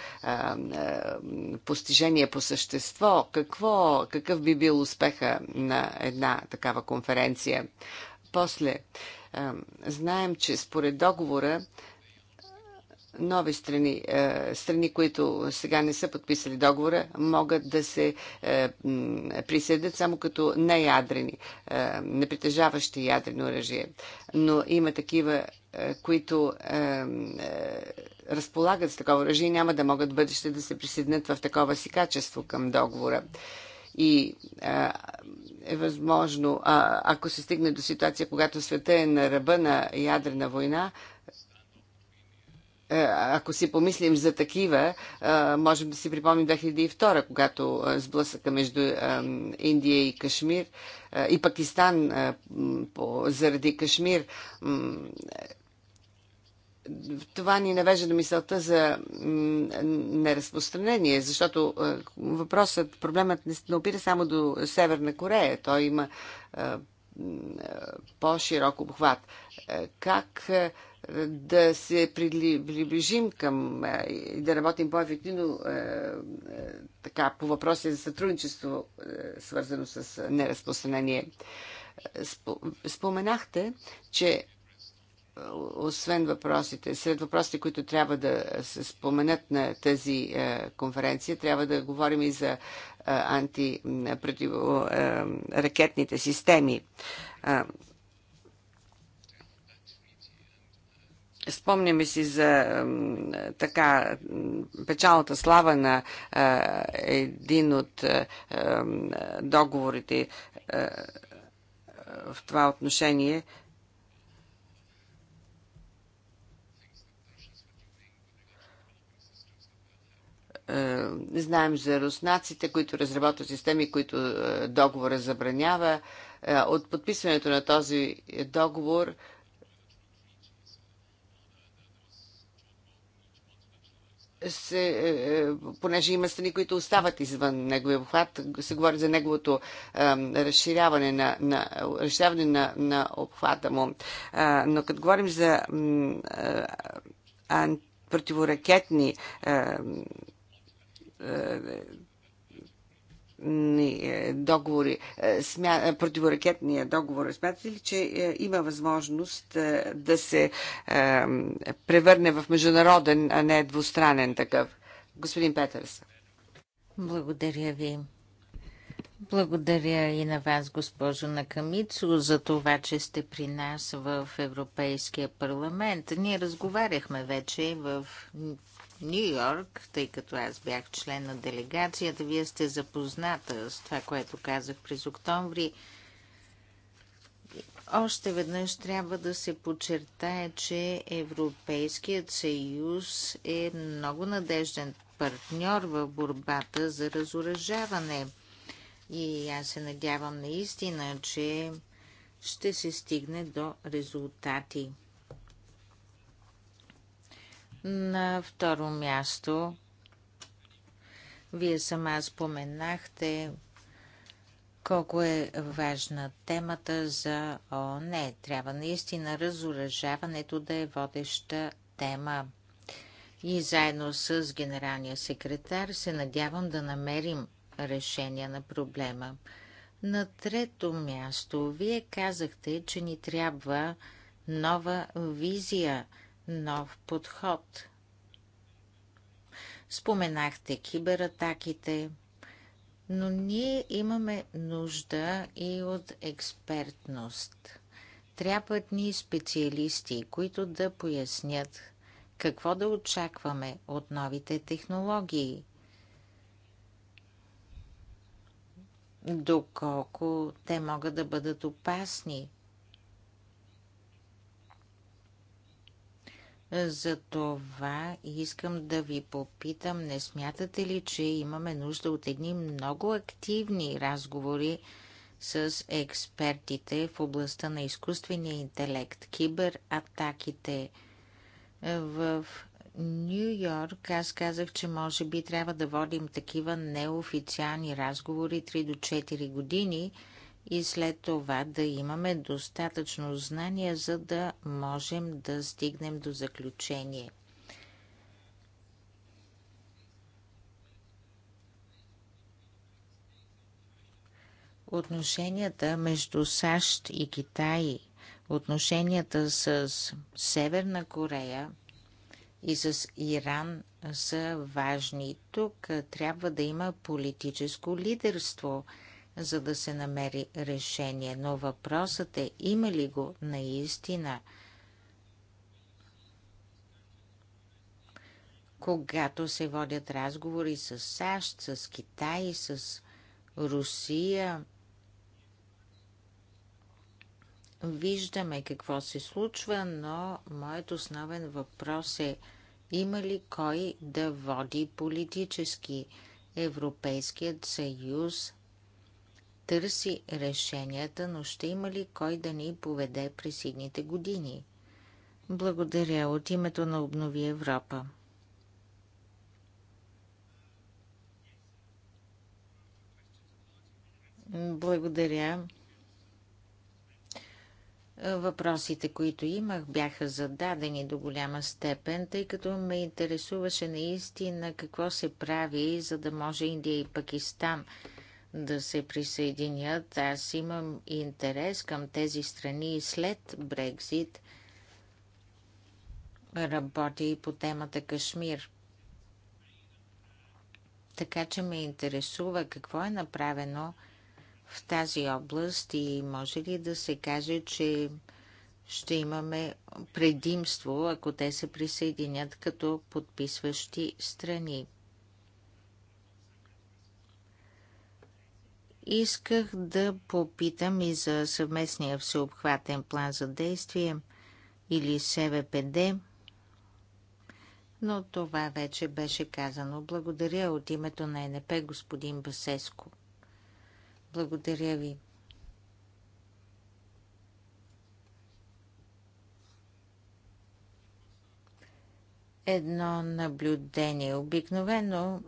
постижение по същество, какво, какъв би бил успеха на една такава конференция? После, знаем, че според договора нови страни, е, страни, които сега не са подписали договора, могат да се е, присъдят само като неядрени, е, не притежаващи ядрено оръжие. Но има такива, които разполагат с такова оръжие и няма да могат в бъдеще да се присъединят в такова си качество към договора и е възможно, ако се стигне до ситуация, когато света е на ръба на ядрена война, е, ако си помислим за такива, е, можем да си припомним 2002, когато е, сблъсъка между Индия и Кашмир и Пакистан заради Кашмир. Това ни навежда на мисълта за неразпространение, защото въпросът, проблемът не опира само до Северна Корея. Той има по-широк обхват. Как да се приближим към и да работим по-ефективно така, по въпроси за сътрудничество, свързано с неразпространение. Споменахте, че освен въпросите, сред въпросите, които трябва да се споменат на тази конференция, трябва да говорим и за антиракетните системи. Спомняме си за така печалната слава на един от договорите в това отношение. Знаем за руснаците, които разработват системи, които договора забранява. От подписването на този договор се, е, е, понеже има страни, които остават извън неговия обхват, се говори за неговото а, разширяване, на, на, разширяване на, на обхвата му. А, но като говорим за а, противоракетни е, договори, е, е, противоракетния договор. Смятате ли, че има възможност да се превърне в международен, а не двустранен такъв? Господин Петърс. Благодаря ви. Благодаря и на вас, госпожо Накамицо, за това, че сте при нас в Европейския парламент. Ние разговаряхме вече в Нью Йорк, тъй като аз бях член на делегацията, вие сте запозната с това, което казах през октомври. Още веднъж трябва да се подчертае, че Европейският съюз е много надежден партньор в борбата за разоръжаване. И аз се надявам наистина, че ще се стигне до резултати. На второ място, вие сама споменахте колко е важна темата за ООН. Трябва наистина разоръжаването да е водеща тема. И заедно с генералния секретар се надявам да намерим решение на проблема. На трето място, вие казахте, че ни трябва нова визия – нов подход. Споменахте кибератаките, но ние имаме нужда и от експертност. Трябват ни специалисти, които да пояснят какво да очакваме от новите технологии. Доколко те могат да бъдат опасни – За това искам да ви попитам, не смятате ли, че имаме нужда от едни много активни разговори с експертите в областта на изкуствения интелект, кибератаките в Нью Йорк, аз казах, че може би трябва да водим такива неофициални разговори 3 до 4 години и след това да имаме достатъчно знания, за да можем да стигнем до заключение. Отношенията между САЩ и Китай, отношенията с Северна Корея и с Иран са важни. Тук трябва да има политическо лидерство – за да се намери решение. Но въпросът е, има ли го наистина? Когато се водят разговори с САЩ, с Китай, с Русия, виждаме какво се случва, но моят основен въпрос е има ли кой да води политически? Европейският съюз търси решенията, но ще има ли кой да ни поведе през идните години? Благодаря от името на Обнови Европа. Благодаря. Въпросите, които имах, бяха зададени до голяма степен, тъй като ме интересуваше наистина какво се прави, за да може Индия и Пакистан да се присъединят. Аз имам интерес към тези страни и след Брекзит работя и по темата Кашмир. Така че ме интересува какво е направено в тази област и може ли да се каже, че ще имаме предимство, ако те се присъединят като подписващи страни. Исках да попитам и за съвместния всеобхватен план за действие или СВПД, но това вече беше казано. Благодаря от името на НП господин Басеско. Благодаря ви. Едно наблюдение. Обикновено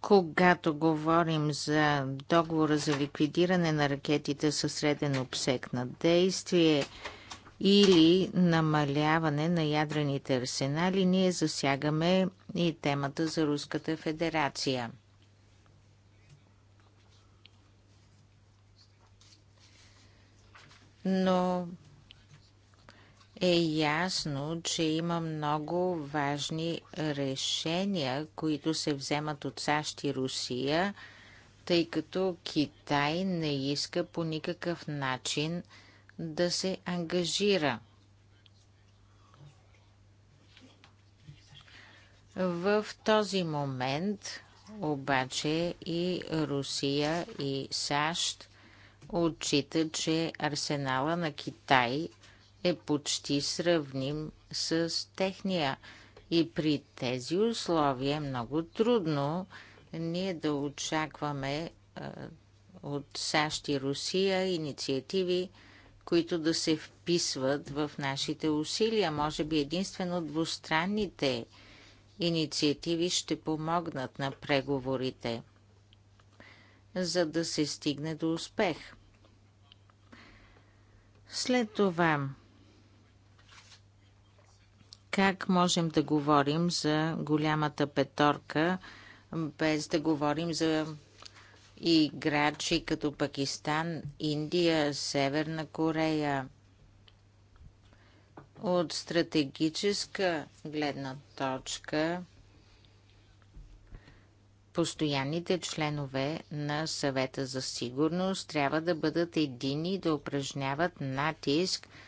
когато говорим за договора за ликвидиране на ракетите със среден обсек на действие или намаляване на ядрените арсенали, ние засягаме и темата за Руската федерация. Но е ясно, че има много важни решения, които се вземат от САЩ и Русия, тъй като Китай не иска по никакъв начин да се ангажира. В този момент обаче и Русия и САЩ отчита, че арсенала на Китай е почти сравним с техния. И при тези условия е много трудно ние да очакваме от САЩ и Русия инициативи, които да се вписват в нашите усилия. Може би единствено двустранните инициативи ще помогнат на преговорите, за да се стигне до успех. След това как можем да говорим за голямата петорка, без да говорим за играчи като Пакистан, Индия, Северна Корея? От стратегическа гледна точка, постоянните членове на съвета за сигурност трябва да бъдат едини и да упражняват натиск –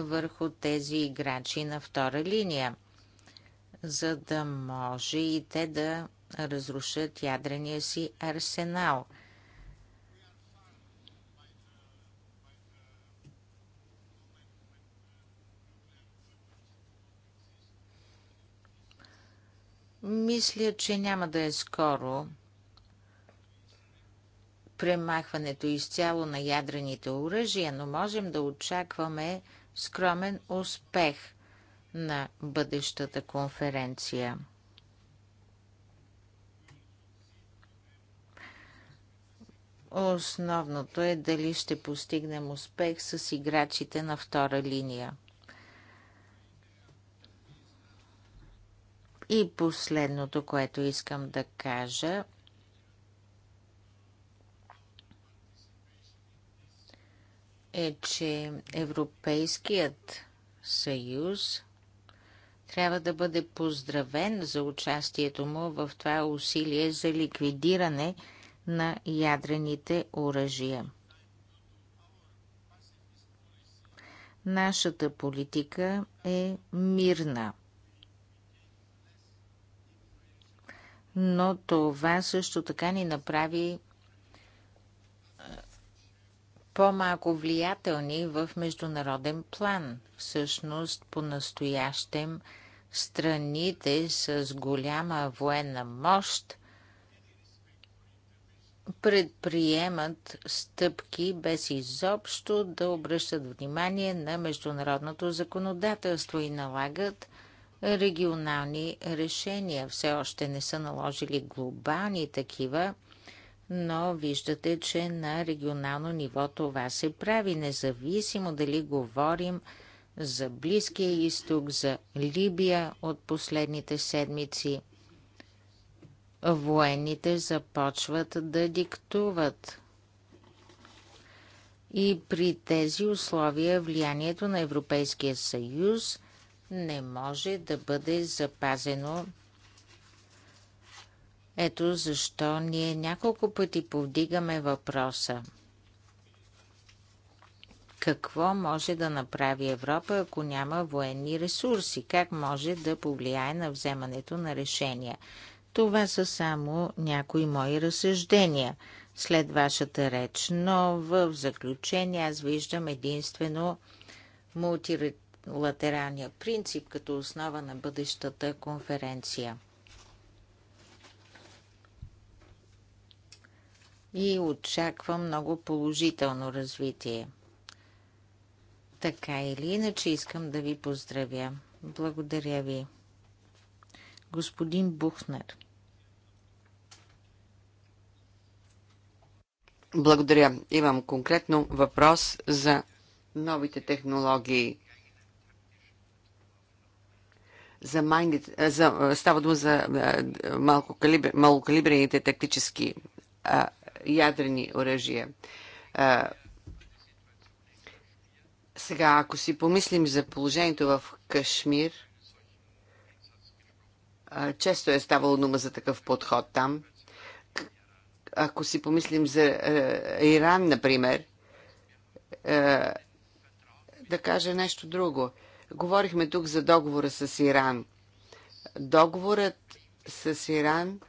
върху тези играчи на втора линия, за да може и те да разрушат ядрения си арсенал. Мисля, че няма да е скоро премахването изцяло на ядрените оръжия, но можем да очакваме скромен успех на бъдещата конференция. Основното е дали ще постигнем успех с играчите на втора линия. И последното, което искам да кажа, е, че Европейският съюз трябва да бъде поздравен за участието му в това усилие за ликвидиране на ядрените оръжия. Нашата политика е мирна. Но това също така ни направи по-малко влиятелни в международен план. Всъщност, по-настоящем страните с голяма военна мощ предприемат стъпки без изобщо да обръщат внимание на международното законодателство и налагат регионални решения. Все още не са наложили глобални такива, но виждате, че на регионално ниво това се прави, независимо дали говорим за Близкия изток, за Либия от последните седмици. Военните започват да диктуват. И при тези условия влиянието на Европейския съюз не може да бъде запазено ето защо ние няколко пъти повдигаме въпроса. Какво може да направи Европа, ако няма военни ресурси? Как може да повлияе на вземането на решения? Това са само някои мои разсъждения след вашата реч, но в заключение аз виждам единствено мултилатералния принцип като основа на бъдещата конференция. и очаква много положително развитие. Така или иначе искам да ви поздравя. Благодаря ви. Господин Бухнер. Благодаря. Имам конкретно въпрос за новите технологии. За майните, за, става дума за малкокалибрените тактически а, ядрени оръжия. Сега, ако си помислим за положението в Кашмир, често е ставало дума за такъв подход там. Ако си помислим за Иран, например, да кажа нещо друго. Говорихме тук за договора с Иран. Договорът с Иран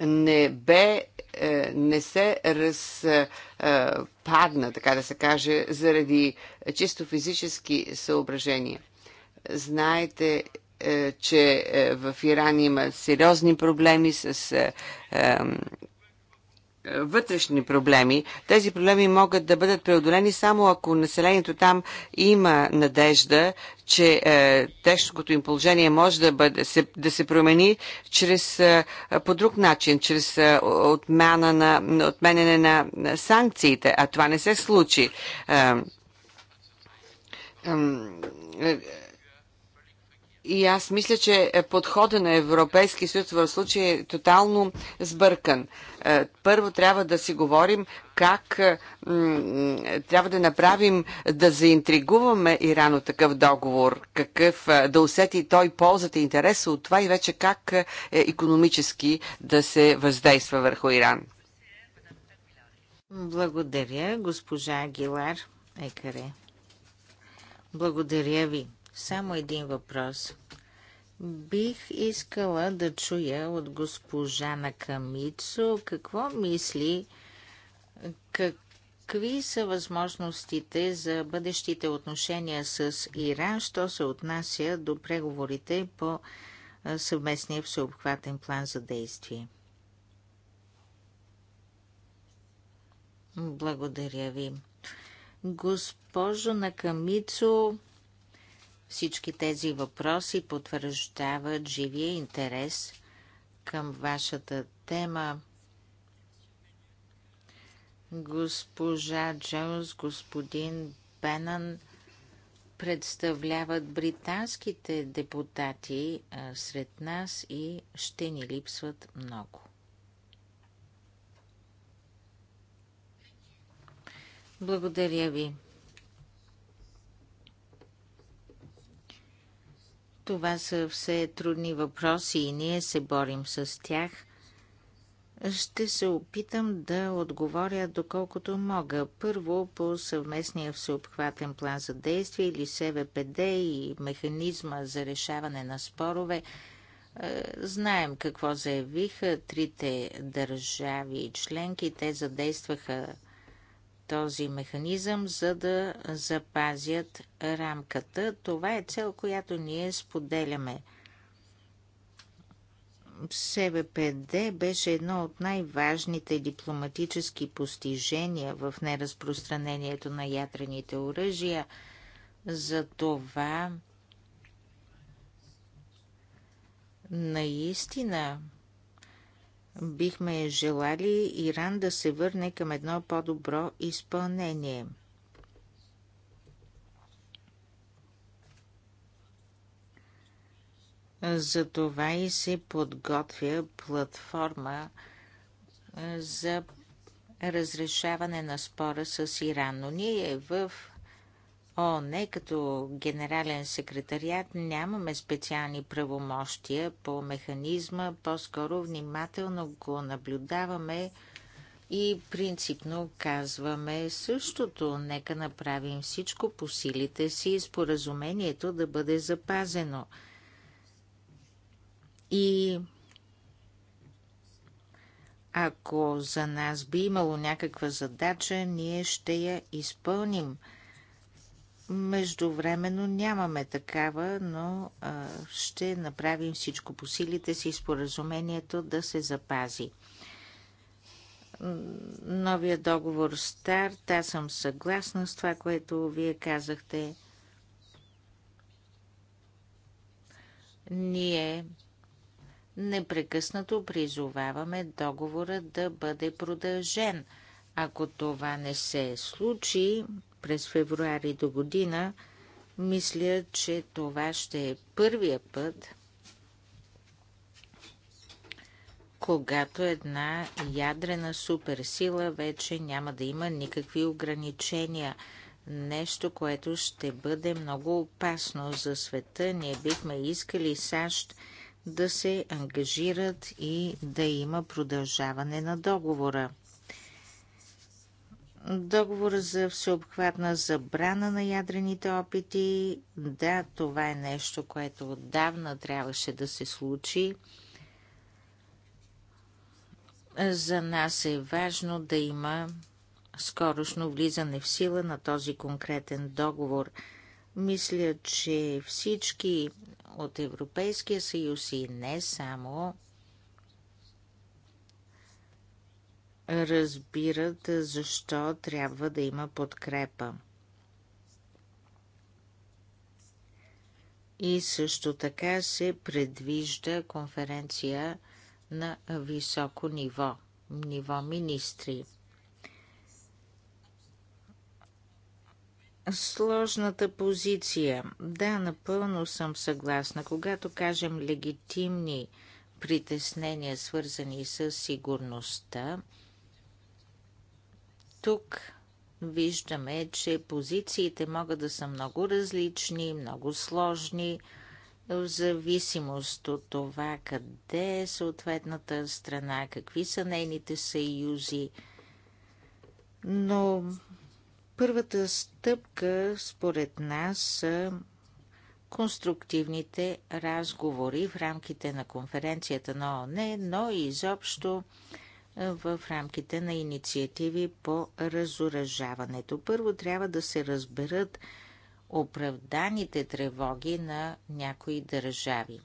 не бе е, не се разпадна, така да се каже, заради чисто физически съображения. Знаете, е, че е, в Иран има сериозни проблеми с вътрешни проблеми. Тези проблеми могат да бъдат преодолени само ако населението там има надежда, че е, тежкото им положение може да, бъде, се, да се промени чрез, е, по друг начин, чрез е, отмяна на, отменене на, на санкциите. А това не се случи. Е, е, е и аз мисля, че е, подхода на Европейски съюз в случай е тотално сбъркан. Е, първо трябва да си говорим как е, трябва да направим, да заинтригуваме Иран от такъв договор, какъв, да усети той ползата и интереса от това и вече как економически да се въздейства върху Иран. Благодаря, госпожа Агилар Екаре. Благодаря ви. Само един въпрос. Бих искала да чуя от госпожа Накамицо какво мисли, какви са възможностите за бъдещите отношения с Иран, що се отнася до преговорите по съвместния всеобхватен план за действие. Благодаря ви. Госпожо Накамицо, всички тези въпроси потвърждават живия интерес към вашата тема. Госпожа Джонс, господин Бенан представляват британските депутати сред нас и ще ни липсват много. Благодаря ви. Това са все трудни въпроси и ние се борим с тях. Ще се опитам да отговоря доколкото мога. Първо по съвместния всеобхватен план за действие или СВПД и механизма за решаване на спорове. Е, знаем какво заявиха трите държави и членки. Те задействаха този механизъм, за да запазят рамката. Това е цел, която ние споделяме. СВПД беше едно от най-важните дипломатически постижения в неразпространението на ядрените оръжия. За това наистина бихме желали Иран да се върне към едно по-добро изпълнение. Затова и се подготвя платформа за разрешаване на спора с Иран. Но ние в не като генерален секретариат нямаме специални правомощия по механизма, по-скоро внимателно го наблюдаваме и принципно казваме същото. Нека направим всичко по силите си и споразумението да бъде запазено. И ако за нас би имало някаква задача, ние ще я изпълним – Междувременно нямаме такава, но а, ще направим всичко по силите си споразумението да се запази. Новия договор старт, аз съм съгласна с това, което вие казахте. Ние непрекъснато призоваваме договора да бъде продължен. Ако това не се случи, през февруари до година, мисля, че това ще е първия път, когато една ядрена суперсила вече няма да има никакви ограничения. Нещо, което ще бъде много опасно за света. Ние бихме искали САЩ да се ангажират и да има продължаване на договора. Договор за всеобхватна забрана на ядрените опити. Да, това е нещо, което отдавна трябваше да се случи. За нас е важно да има скорошно влизане в сила на този конкретен договор. Мисля, че всички от Европейския съюз и не само разбират защо трябва да има подкрепа. И също така се предвижда конференция на високо ниво, ниво министри. Сложната позиция. Да, напълно съм съгласна. Когато кажем легитимни притеснения, свързани с сигурността, тук виждаме, че позициите могат да са много различни, много сложни, в зависимост от това къде е съответната страна, какви са нейните съюзи. Но първата стъпка, според нас, са конструктивните разговори в рамките на конференцията на ОНЕ, но и изобщо в рамките на инициативи по разоръжаването. Първо трябва да се разберат оправданите тревоги на някои държави.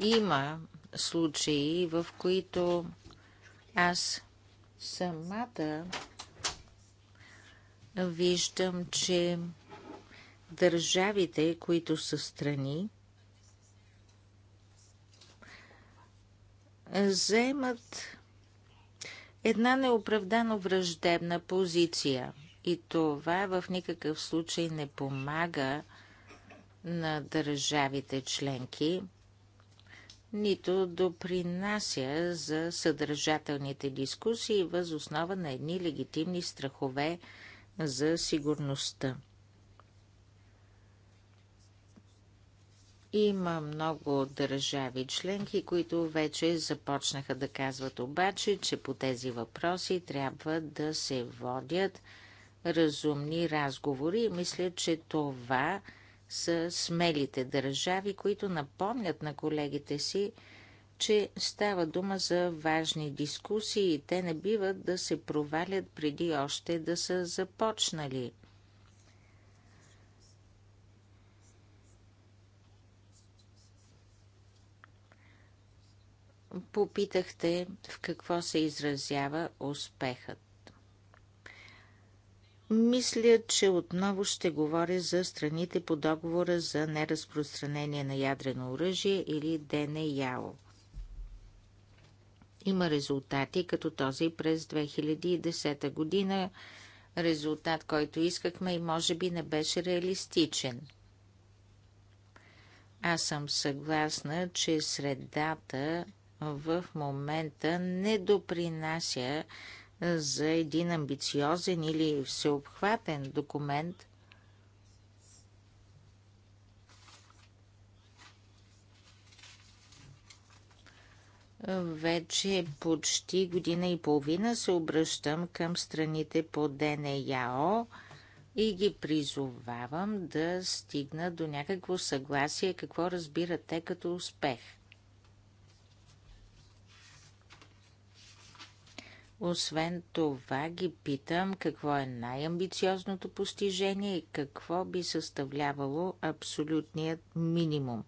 Има случаи, в които аз самата виждам, че държавите, които са страни, заемат една неоправдано враждебна позиция. И това в никакъв случай не помага на държавите членки, нито допринася за съдържателните дискусии въз основа на едни легитимни страхове за сигурността. Има много държави членки, които вече започнаха да казват обаче, че по тези въпроси трябва да се водят разумни разговори и мисля, че това са смелите държави, които напомнят на колегите си, че става дума за важни дискусии и те не биват да се провалят преди още да са започнали. Попитахте в какво се изразява успехът. Мисля, че отново ще говоря за страните по договора за неразпространение на ядрено оръжие или ДНЯО. Има резултати, като този през 2010 година, резултат, който искахме и може би не беше реалистичен. Аз съм съгласна, че средата в момента не допринася за един амбициозен или всеобхватен документ. Вече почти година и половина се обръщам към страните по ДНЯО е и ги призовавам да стигнат до някакво съгласие какво разбират те като успех – Освен това ги питам какво е най-амбициозното постижение и какво би съставлявало абсолютният минимум.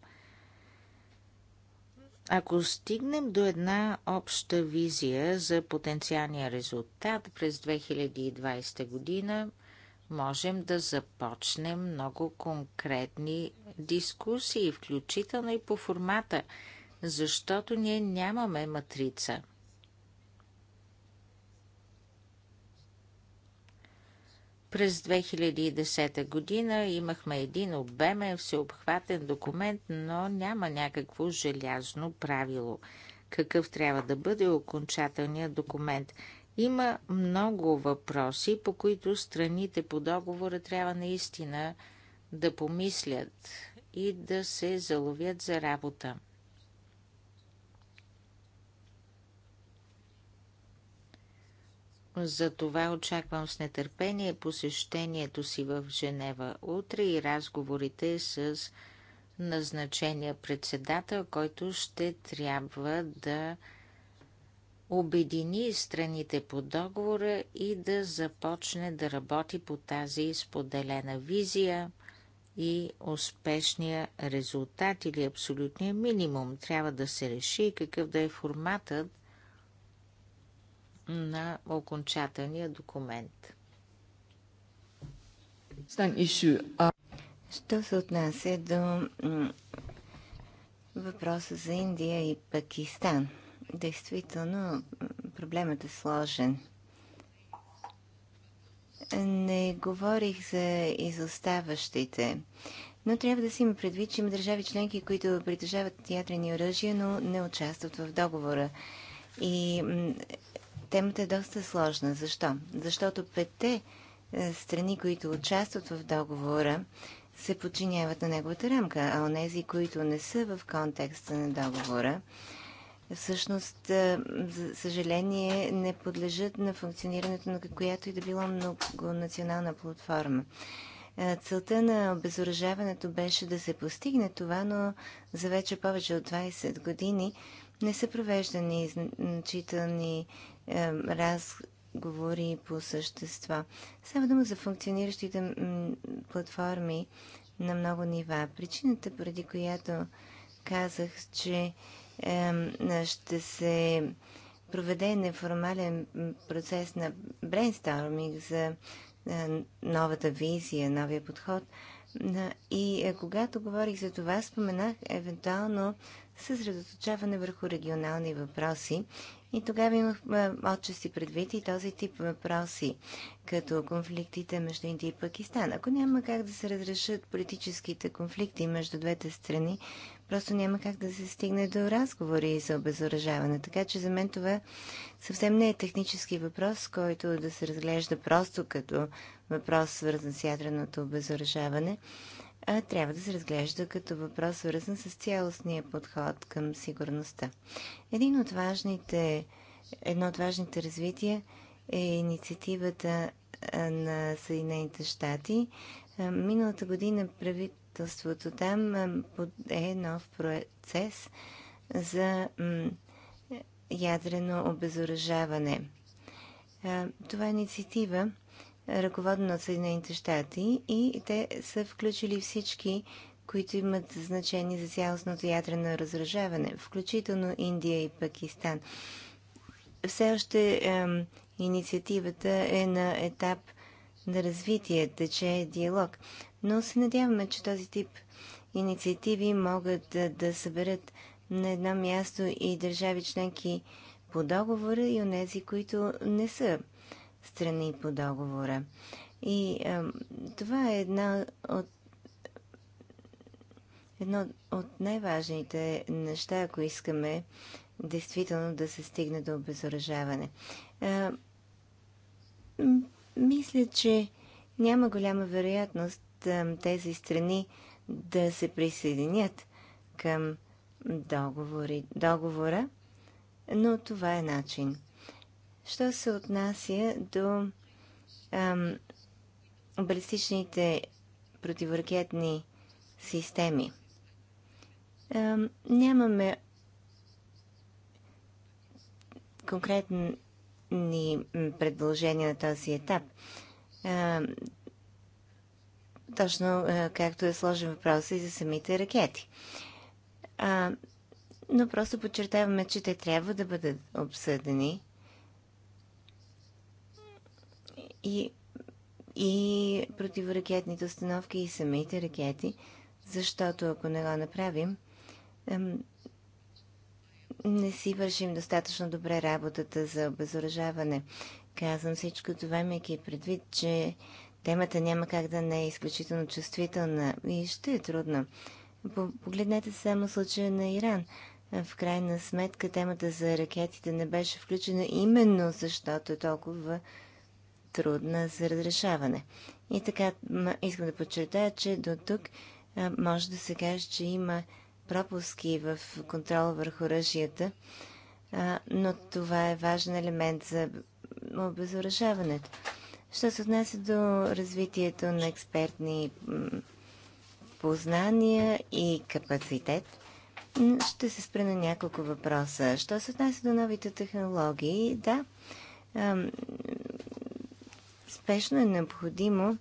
Ако стигнем до една обща визия за потенциалния резултат през 2020 година, можем да започнем много конкретни дискусии, включително и по формата, защото ние нямаме матрица – През 2010 година имахме един обемен, всеобхватен документ, но няма някакво желязно правило. Какъв трябва да бъде окончателният документ? Има много въпроси, по които страните по договора трябва наистина да помислят и да се заловят за работа. Затова очаквам с нетърпение посещението си в Женева утре и разговорите с назначения председател, който ще трябва да обедини страните по договора и да започне да работи по тази споделена визия и успешния резултат или абсолютния минимум. Трябва да се реши какъв да е форматът на окончателния документ. Що се отнася до въпроса за Индия и Пакистан? Действително, проблемът е сложен. Не говорих за изоставащите. Но трябва да си има предвид, че има държави членки, които притежават ядрени оръжия, но не участват в договора. И Темата е доста сложна. Защо? Защото петте е, страни, които участват в договора, се подчиняват на неговата рамка, а онези, които не са в контекста на договора, всъщност, е, за съжаление, не подлежат на функционирането на която и да било многонационална платформа. Е, целта на обезоръжаването беше да се постигне това, но за вече повече от 20 години не са провеждани значителни разговори по същества. Става дума за функциониращите платформи на много нива. Причината, преди която казах, че ще се проведе неформален процес на брейнсторминг за е, новата визия, новия подход. И е, когато говорих за това, споменах евентуално съсредоточаване върху регионални въпроси. И тогава имах отчасти предвид и този тип въпроси, като конфликтите между Индия и Пакистан. Ако няма как да се разрешат политическите конфликти между двете страни, просто няма как да се стигне до разговори за обезоръжаване. Така че за мен това съвсем не е технически въпрос, който да се разглежда просто като въпрос, свързан с ядреното обезоръжаване а трябва да се разглежда като въпрос, свързан с цялостния подход към сигурността. Един от важните, едно от важните развития е инициативата на Съединените щати. Миналата година правителството там е нов процес за ядрено обезоръжаване. Това е инициатива, Ръководно от Съединените щати и те са включили всички, които имат значение за цялостното ядрено разражаване, включително Индия и Пакистан. Все още ем, инициативата е на етап на развитие, тече диалог, но се надяваме, че този тип инициативи могат да, да съберат на едно място и държави членки по договора и онези, които не са страни по договора. И а, това е една от едно от най-важните неща, ако искаме действително да се стигне до обезоръжаване. А, мисля, че няма голяма вероятност а, тези страни да се присъединят към договори, договора, но това е начин. Що се отнася до ам, балистичните противоракетни системи? Ам, нямаме конкретни предложения на този етап. Ам, точно както е сложен въпрос и за самите ракети. А, но просто подчертаваме, че те трябва да бъдат обсъдени и, и противоракетните установки и самите ракети, защото ако не го направим, не си вършим достатъчно добре работата за обезоръжаване. Казвам всичко това, имайки предвид, че темата няма как да не е изключително чувствителна и ще е трудно. Погледнете само случая на Иран. В крайна сметка темата за ракетите не беше включена именно защото е толкова трудна за разрешаване. И така, искам да подчертая, че до тук може да се каже, че има пропуски в контрола върху оръжията, но това е важен елемент за обезоръжаването. Що се отнася до развитието на експертни познания и капацитет, ще се спре на няколко въпроса. Що се отнася до новите технологии, да, спешно е необходимо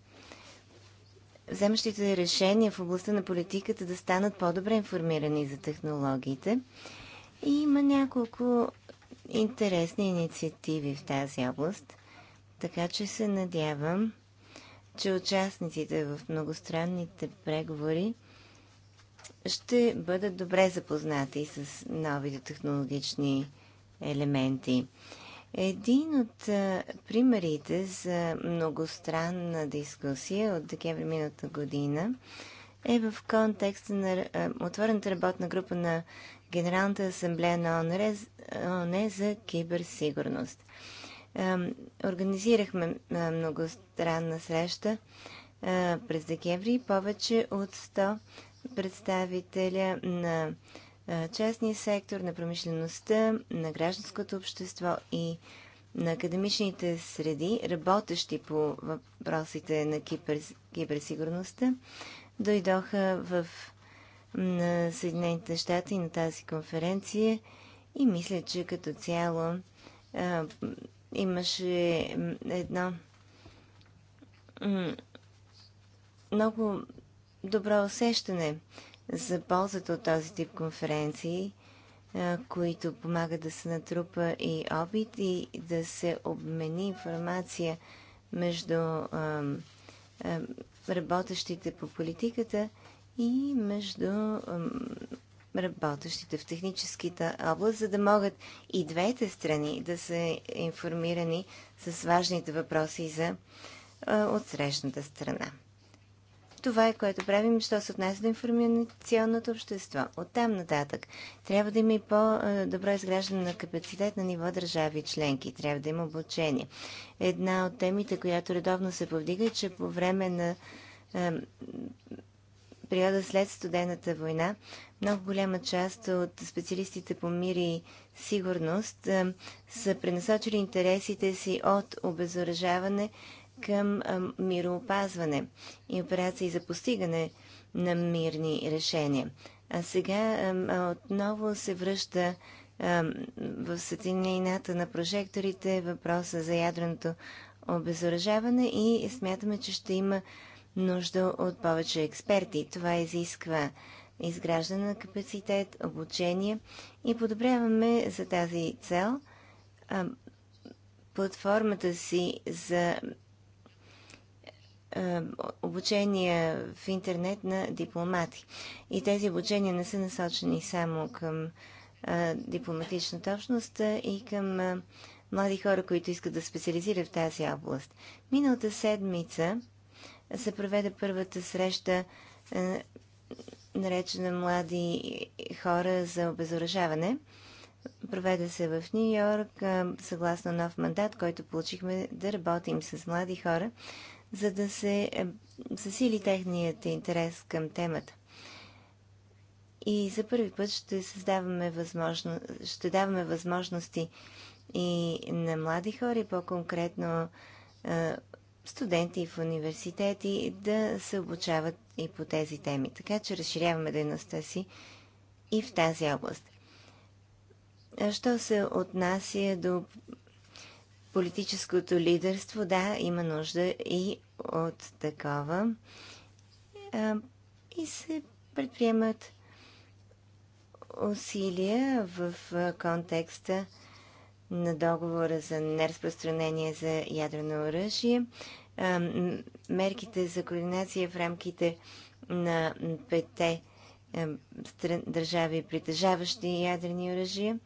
вземащите решения в областта на политиката да станат по-добре информирани за технологиите. И има няколко интересни инициативи в тази област, така че се надявам, че участниците в многостранните преговори ще бъдат добре запознати с новите технологични елементи. Един от а, примерите за многостранна дискусия от декември миналата година е в контекста на а, отворената работна група на Генералната асамблея на ОНЕ, за киберсигурност. А, организирахме многостранна среща през декември повече от 100 представителя на е, частния сектор, на промишлеността, на гражданското общество и на академичните среди, работещи по въпросите на кибер, киберсигурността, дойдоха в на Съединените щати на тази конференция и мисля, че като цяло а, е, имаше едно много добро усещане за ползата от този тип конференции, които помагат да се натрупа и опит и да се обмени информация между работещите по политиката и между работещите в техническите област, за да могат и двете страни да са информирани с важните въпроси за отсрещната страна. Това е което правим, що се отнася до информационното общество. От там нататък трябва да има и по-добро изграждане на капацитет на ниво държави и членки. Трябва да има обучение. Една от темите, която редовно се повдига, е, че по време на е, периода след студената война, много голяма част от специалистите по мир и сигурност е, са пренасочили интересите си от обезоръжаване към мироопазване и операции за постигане на мирни решения. А сега отново се връща в светлината на прожекторите въпроса за ядреното обезоръжаване и смятаме, че ще има нужда от повече експерти. Това изисква изграждане на капацитет, обучение и подобряваме за тази цел платформата си за е, обучения в интернет на дипломати. И тези обучения не са насочени само към е, дипломатичната общност и към е, млади хора, които искат да специализират в тази област. Миналата седмица се проведе първата среща, наречена Млади хора за обезоръжаване. Проведе се в Нью Йорк, съгласно нов мандат, който получихме да работим с млади хора, за да се е, засили техният интерес към темата. И за първи път ще създаваме възможно, ще даваме възможности и на млади хора, и по-конкретно е, студенти в университети да се обучават и по тези теми. Така че разширяваме дейността си и в тази област. А що се отнася до политическото лидерство, да, има нужда и от такова и се предприемат усилия в контекста на договора за неразпространение за ядрено оръжие, мерките за координация в рамките на пете държави, притежаващи ядрени оръжия,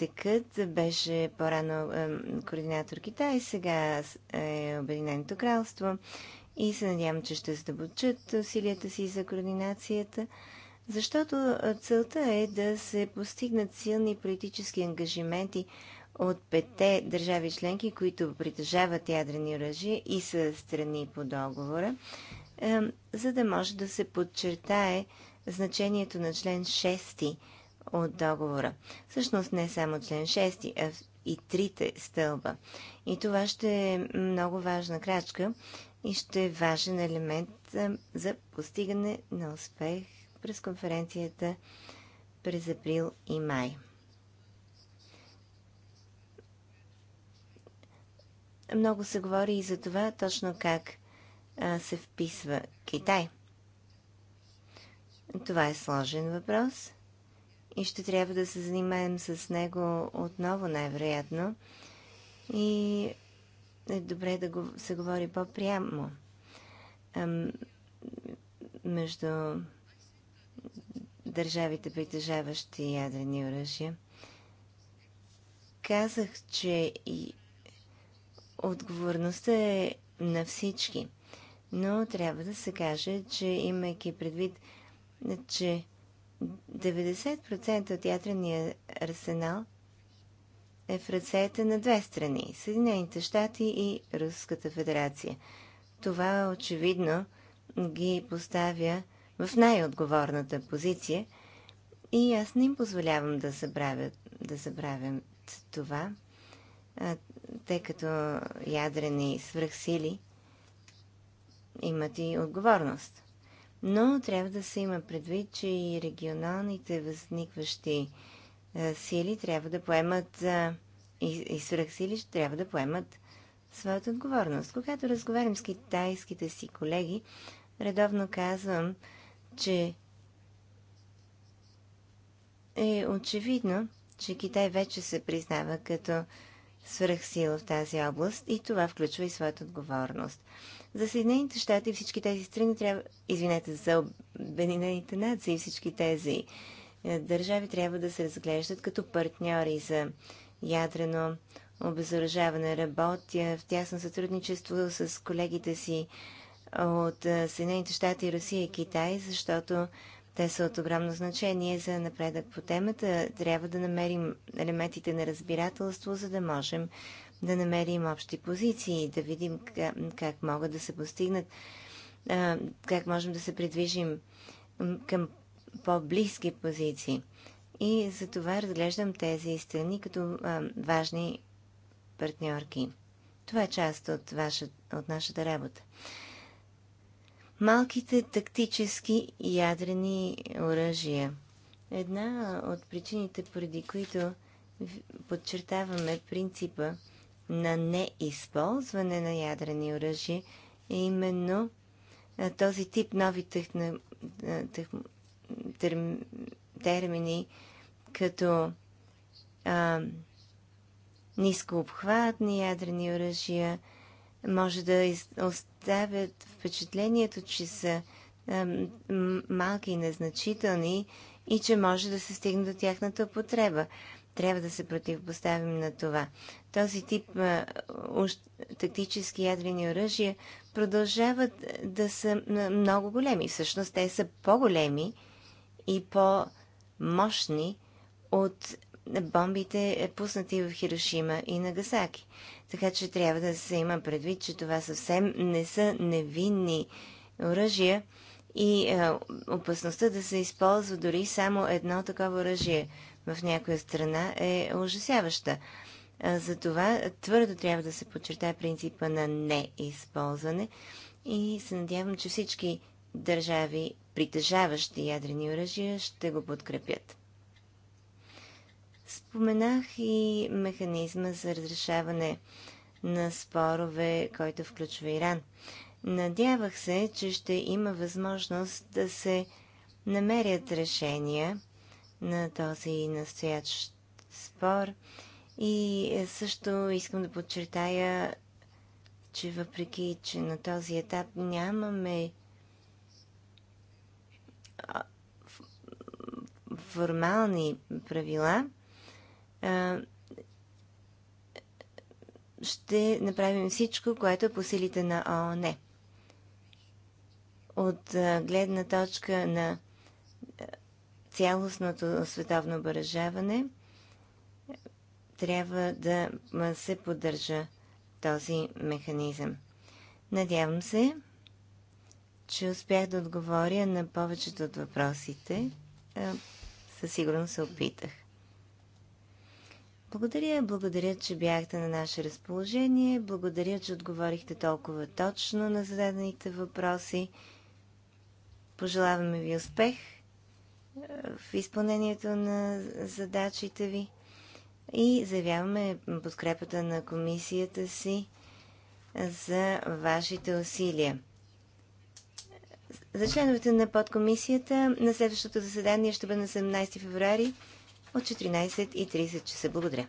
текат. Беше по-рано координатор Китай, сега е Обединеното кралство и се надявам, че ще задълбочат усилията си за координацията, защото е, целта е да се постигнат силни политически ангажименти от пете държави членки, които притежават ядрени оръжия и са страни по договора, за да може да се подчертае значението на член 6 от договора. Всъщност не само член 6, а и трите стълба. И това ще е много важна крачка и ще е важен елемент за, постигане на успех през конференцията през април и май. Много се говори и за това точно как а, се вписва Китай. Това е сложен въпрос – и ще трябва да се занимаем с него отново, най-вероятно. И е добре да го, се говори по-прямо между държавите, притежаващи ядрени оръжия. Казах, че и отговорността е на всички. Но трябва да се каже, че имайки предвид, че 90% от ядрения арсенал е в ръцете на две страни Съединените щати и Руската федерация. Това очевидно ги поставя в най-отговорната позиция и аз не им позволявам да забравят, да забравят това, тъй като ядрени свръхсили имат и отговорност но трябва да се има предвид, че и регионалните възникващи е, сили трябва да поемат е, и, свръхсили трябва да поемат своята отговорност. Когато разговарям с китайските си колеги, редовно казвам, че е очевидно, че Китай вече се признава като свръхсила в тази област и това включва и своята отговорност. За Съединените щати и всички тези страни трябва... Извинете, за Обединените нации и всички тези е, държави трябва да се разглеждат като партньори за ядрено обезоръжаване. Работя в тясно сътрудничество с колегите си от е, Съединените щати, Русия и Китай, защото те са от огромно значение за напредък по темата. Трябва да намерим елементите на разбирателство, за да можем да намерим общи позиции, да видим как, как могат да се постигнат, как можем да се придвижим към по-близки позиции. И за това разглеждам тези страни като важни партньорки. Това е част от, ваша, от нашата работа. Малките тактически ядрени оръжия. Една от причините, поради които подчертаваме принципа на неизползване на ядрени оръжия е именно този тип нови техно, тех, терм, термини като а, нискообхватни ядрени оръжия може да из, оставят впечатлението, че са а, малки и незначителни и че може да се стигне до тяхната употреба трябва да се противопоставим на това. Този тип а, уж, тактически ядрени оръжия продължават да са много големи. Всъщност те са по-големи и по-мощни от бомбите, е, пуснати в Хирошима и Нагасаки. Така че трябва да се има предвид, че това съвсем не са невинни оръжия и а, опасността да се използва дори само едно такова оръжие в някоя страна е ужасяваща. Затова твърдо трябва да се подчертая принципа на неизползване и се надявам, че всички държави, притежаващи ядрени оръжия, ще го подкрепят. Споменах и механизма за разрешаване на спорове, който включва Иран. Надявах се, че ще има възможност да се намерят решения на този настоящ спор. И също искам да подчертая, че въпреки, че на този етап нямаме формални правила, ще направим всичко, което е по силите на ООН. От гледна точка на цялостното световно оборъжаване трябва да се поддържа този механизъм. Надявам се, че успях да отговоря на повечето от въпросите. Със сигурност се опитах. Благодаря, благодаря, че бяхте на наше разположение. Благодаря, че отговорихте толкова точно на зададените въпроси. Пожелаваме ви успех в изпълнението на задачите ви и заявяваме подкрепата на комисията си за вашите усилия. За членовете на подкомисията на следващото заседание ще бъде на 17 феврари от 14.30 часа. Благодаря.